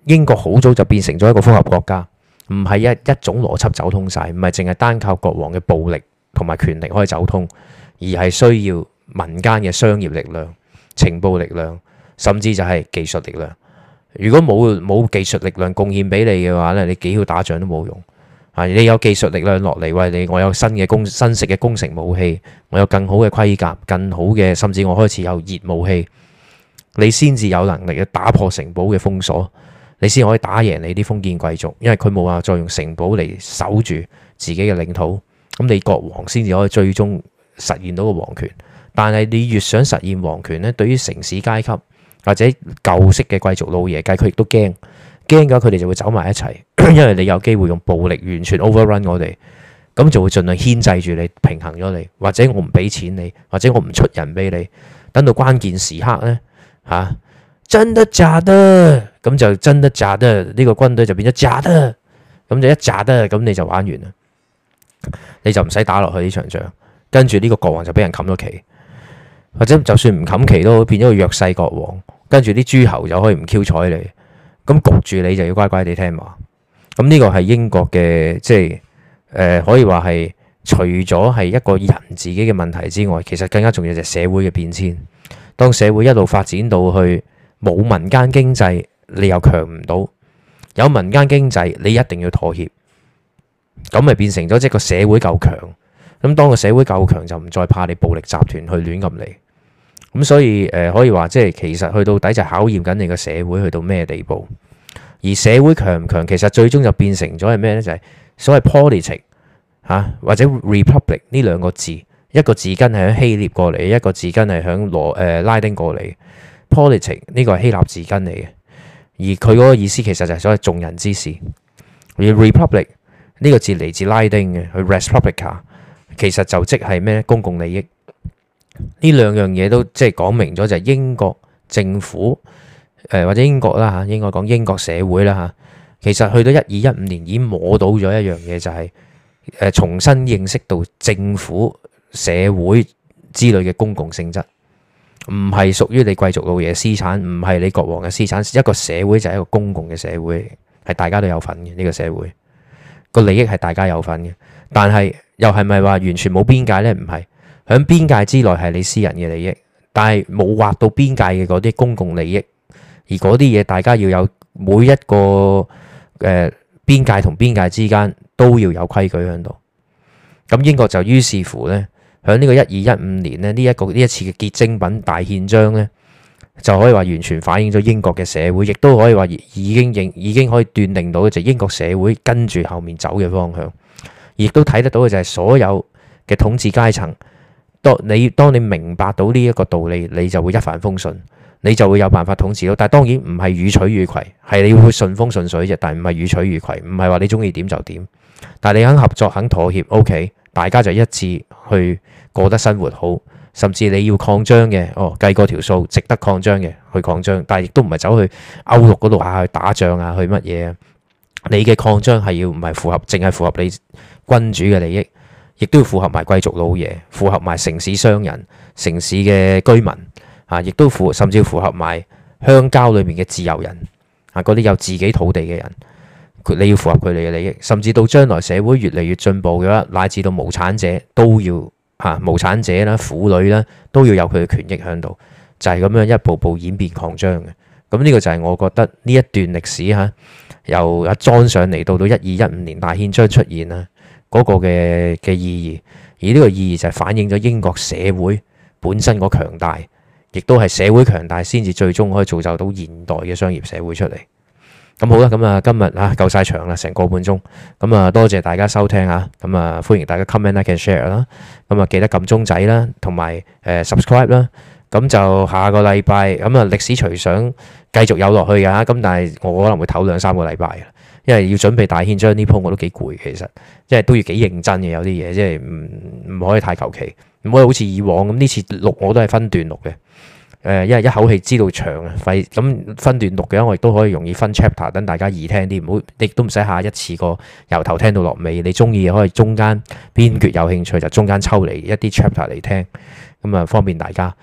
英國好早就變成咗一個複合國家，唔係一一種邏輯走通晒，唔係淨係單靠國王嘅暴力同埋權力可以走通，而係需要民間嘅商業力量、情報力量，甚至就係技術力量。如果冇冇技術力量貢獻俾你嘅話咧，你幾好打仗都冇用。啊、嗯，你有技術力量落嚟，喂，你我有新嘅工新式嘅工程武器，我有更好嘅盔甲，更好嘅，甚至我開始有熱武器，你先至有能力去打破城堡嘅封鎖，你先可以打贏你啲封建貴族，因為佢冇話再用城堡嚟守住自己嘅領土，咁你國王先至可以最終實現到個皇權。但係你越想實現皇權咧，對於城市階級。或者舊式嘅貴族老爺，計佢亦都驚驚嘅話，佢哋就會走埋一齊，因為你有機會用暴力完全 overrun 我哋，咁就會盡量牽制住你，平衡咗你，或者我唔俾錢你，或者我唔出人俾你，等到關鍵時刻呢，嚇、啊、真得假得、啊，咁就真得炸得、啊，呢、呢個軍隊就變咗炸得，咁就一炸得、啊，咁你就玩完啦，你就唔使打落去呢場仗，跟住呢個國王就俾人冚咗棋。或者就算唔冚旗都變咗個弱勢國王，跟住啲諸侯就可以唔瞅睬你，咁焗住你就要乖乖地聽話。咁、嗯、呢、這個係英國嘅，即係誒、呃，可以話係除咗係一個人自己嘅問題之外，其實更加重要就係社會嘅變遷。當社會一路發展到去冇民間經濟，你又強唔到；有民間經濟，你一定要妥協，咁咪變成咗即係個社會夠強。咁當個社會夠強，就唔再怕你暴力集團去亂噉嚟。咁所以誒，可以話即係其實去到底就考驗緊你個社會去到咩地步。而社會強唔強，其實最終就變成咗係咩呢？就係、是、所謂 politics、吓、或者 republic 呢兩個字，一個字根係響希臘過嚟，一個字根係響羅誒拉丁過嚟。politics 呢個係希臘字根嚟嘅，而佢嗰個意思其實就係所謂眾人之事。而 republic 呢個字嚟自拉丁嘅，去 res publica 其實就即係咩？咧？公共利益呢兩樣嘢都即係講明咗，就係英國政府誒或者英國啦吓，應該講英國社會啦吓。其實去到一二一五年，已經摸到咗一樣嘢，就係誒重新認識到政府社會之類嘅公共性質，唔係屬於你貴族嘅嘢嘅私產，唔係你國王嘅私產。一個社會就係一個公共嘅社會，係大家都有份嘅。呢個社會個利益係大家有份嘅，但係，又係咪話完全冇邊界呢？唔係，喺邊界之內係你私人嘅利益，但係冇劃到邊界嘅嗰啲公共利益，而嗰啲嘢大家要有每一個誒、呃、邊界同邊界之間都要有規矩喺度。咁英國就於是乎呢，喺呢個一二一五年呢，呢一個呢一次嘅結晶品大憲章呢，就可以話完全反映咗英國嘅社會，亦都可以話已經認已經可以斷定到就係英國社會跟住後面走嘅方向。亦都睇得到嘅就係所有嘅統治階層。當你當你明白到呢一個道理，你就會一帆風順，你就會有辦法統治到。但係當然唔係予取予攜，係你要去順風順水啫。但係唔係予取予攜，唔係話你中意點就點。但係你肯合作肯妥協，OK，大家就一致去過得生活好。甚至你要擴張嘅哦，計過條數值得擴張嘅去擴張，但係亦都唔係走去歐陸嗰度下去打仗啊去乜嘢？你嘅擴張係要唔係符合，淨係符合你。君主嘅利益，亦都要符合埋貴族老爺，符合埋城市商人、城市嘅居民啊，亦都符甚至要符合埋鄉郊裏面嘅自由人啊，嗰啲有自己土地嘅人，你要符合佢哋嘅利益，甚至到將來社會越嚟越進步嘅話，乃至到無產者都要嚇無產者啦、婦女啦，都要有佢嘅權益喺度，就係咁樣一步步演變擴張嘅。咁呢個就係我覺得呢一段歷史嚇，由阿莊上嚟到到一二一五年大憲章出現啦。嗰個嘅嘅意義，而呢個意義就係反映咗英國社會本身個強大，亦都係社會強大先至最終可以造就到現代嘅商業社會出嚟。咁好啦，咁啊今日啊夠晒場啦，成個半鐘。咁啊多謝大家收聽啊，咁啊歡迎大家 comment 啦、like、share 啦，咁啊記得撳鐘仔啦，同埋誒 subscribe 啦、啊。咁就下個禮拜咁啊歷史隨想繼續有落去㗎。咁、啊、但係我可能會唞兩三個禮拜嘅。因為要準備大憲章呢鋪，我都幾攰。其實，即係都要幾認真嘅，有啲嘢即係唔唔可以太求其，唔可以好似以往咁，呢次錄我都係分段錄嘅。誒，因為一口氣知道長啊肺咁分段錄嘅，我亦都可以容易分 chapter，等大家易聽啲。唔好，你亦都唔使下一次過由頭聽到落尾，你中意可以中間邊決有興趣就中間抽嚟一啲 chapter 嚟聽，咁啊方便大家。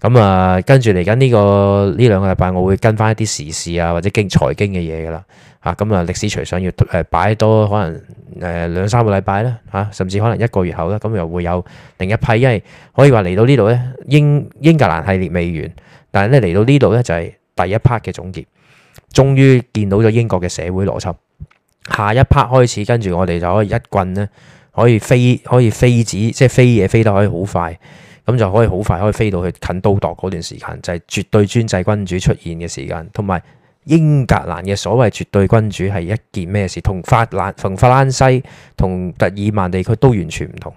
咁啊，跟住嚟緊呢個呢兩個禮拜我會跟翻一啲時事啊或者經財經嘅嘢噶啦。啊，咁啊，歷史隨想要誒、呃、擺多可能誒、呃、兩三個禮拜啦，嚇、啊，甚至可能一個月後啦，咁又會有另一批，因為可以話嚟到呢度咧，英英格蘭系列未完，但係咧嚟到呢度咧就係、是、第一 part 嘅總結，終於見到咗英國嘅社會邏輯。下一 part 開始，跟住我哋就可以一棍咧，可以飛，可以飛紙，即係飛嘢飛得可以好快，咁就可以好快可以飛到去近都鐸。嗰段時間，就係、是、絕對專制君主出現嘅時間，同埋。英格蘭嘅所謂絕對君主係一件咩事？同法蘭、逢法蘭西同特爾曼地區都完全唔同。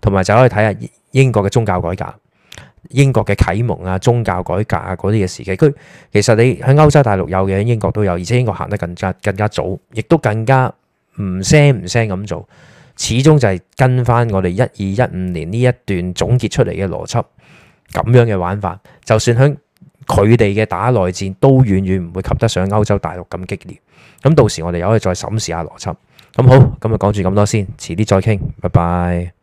同埋就可以睇下英國嘅宗教改革、英國嘅啟蒙啊、宗教改革啊嗰啲嘅時期。佢其實你喺歐洲大陸有嘅，英國都有，而且英國行得更加更加早，亦都更加唔聲唔聲咁做。始終就係跟翻我哋一二一五年呢一段總結出嚟嘅邏輯咁樣嘅玩法，就算喺。佢哋嘅打內戰都遠遠唔會及得上歐洲大陸咁激烈，咁到時我哋又可以再審視下邏輯。咁好，咁就講住咁多先，遲啲再傾，拜拜。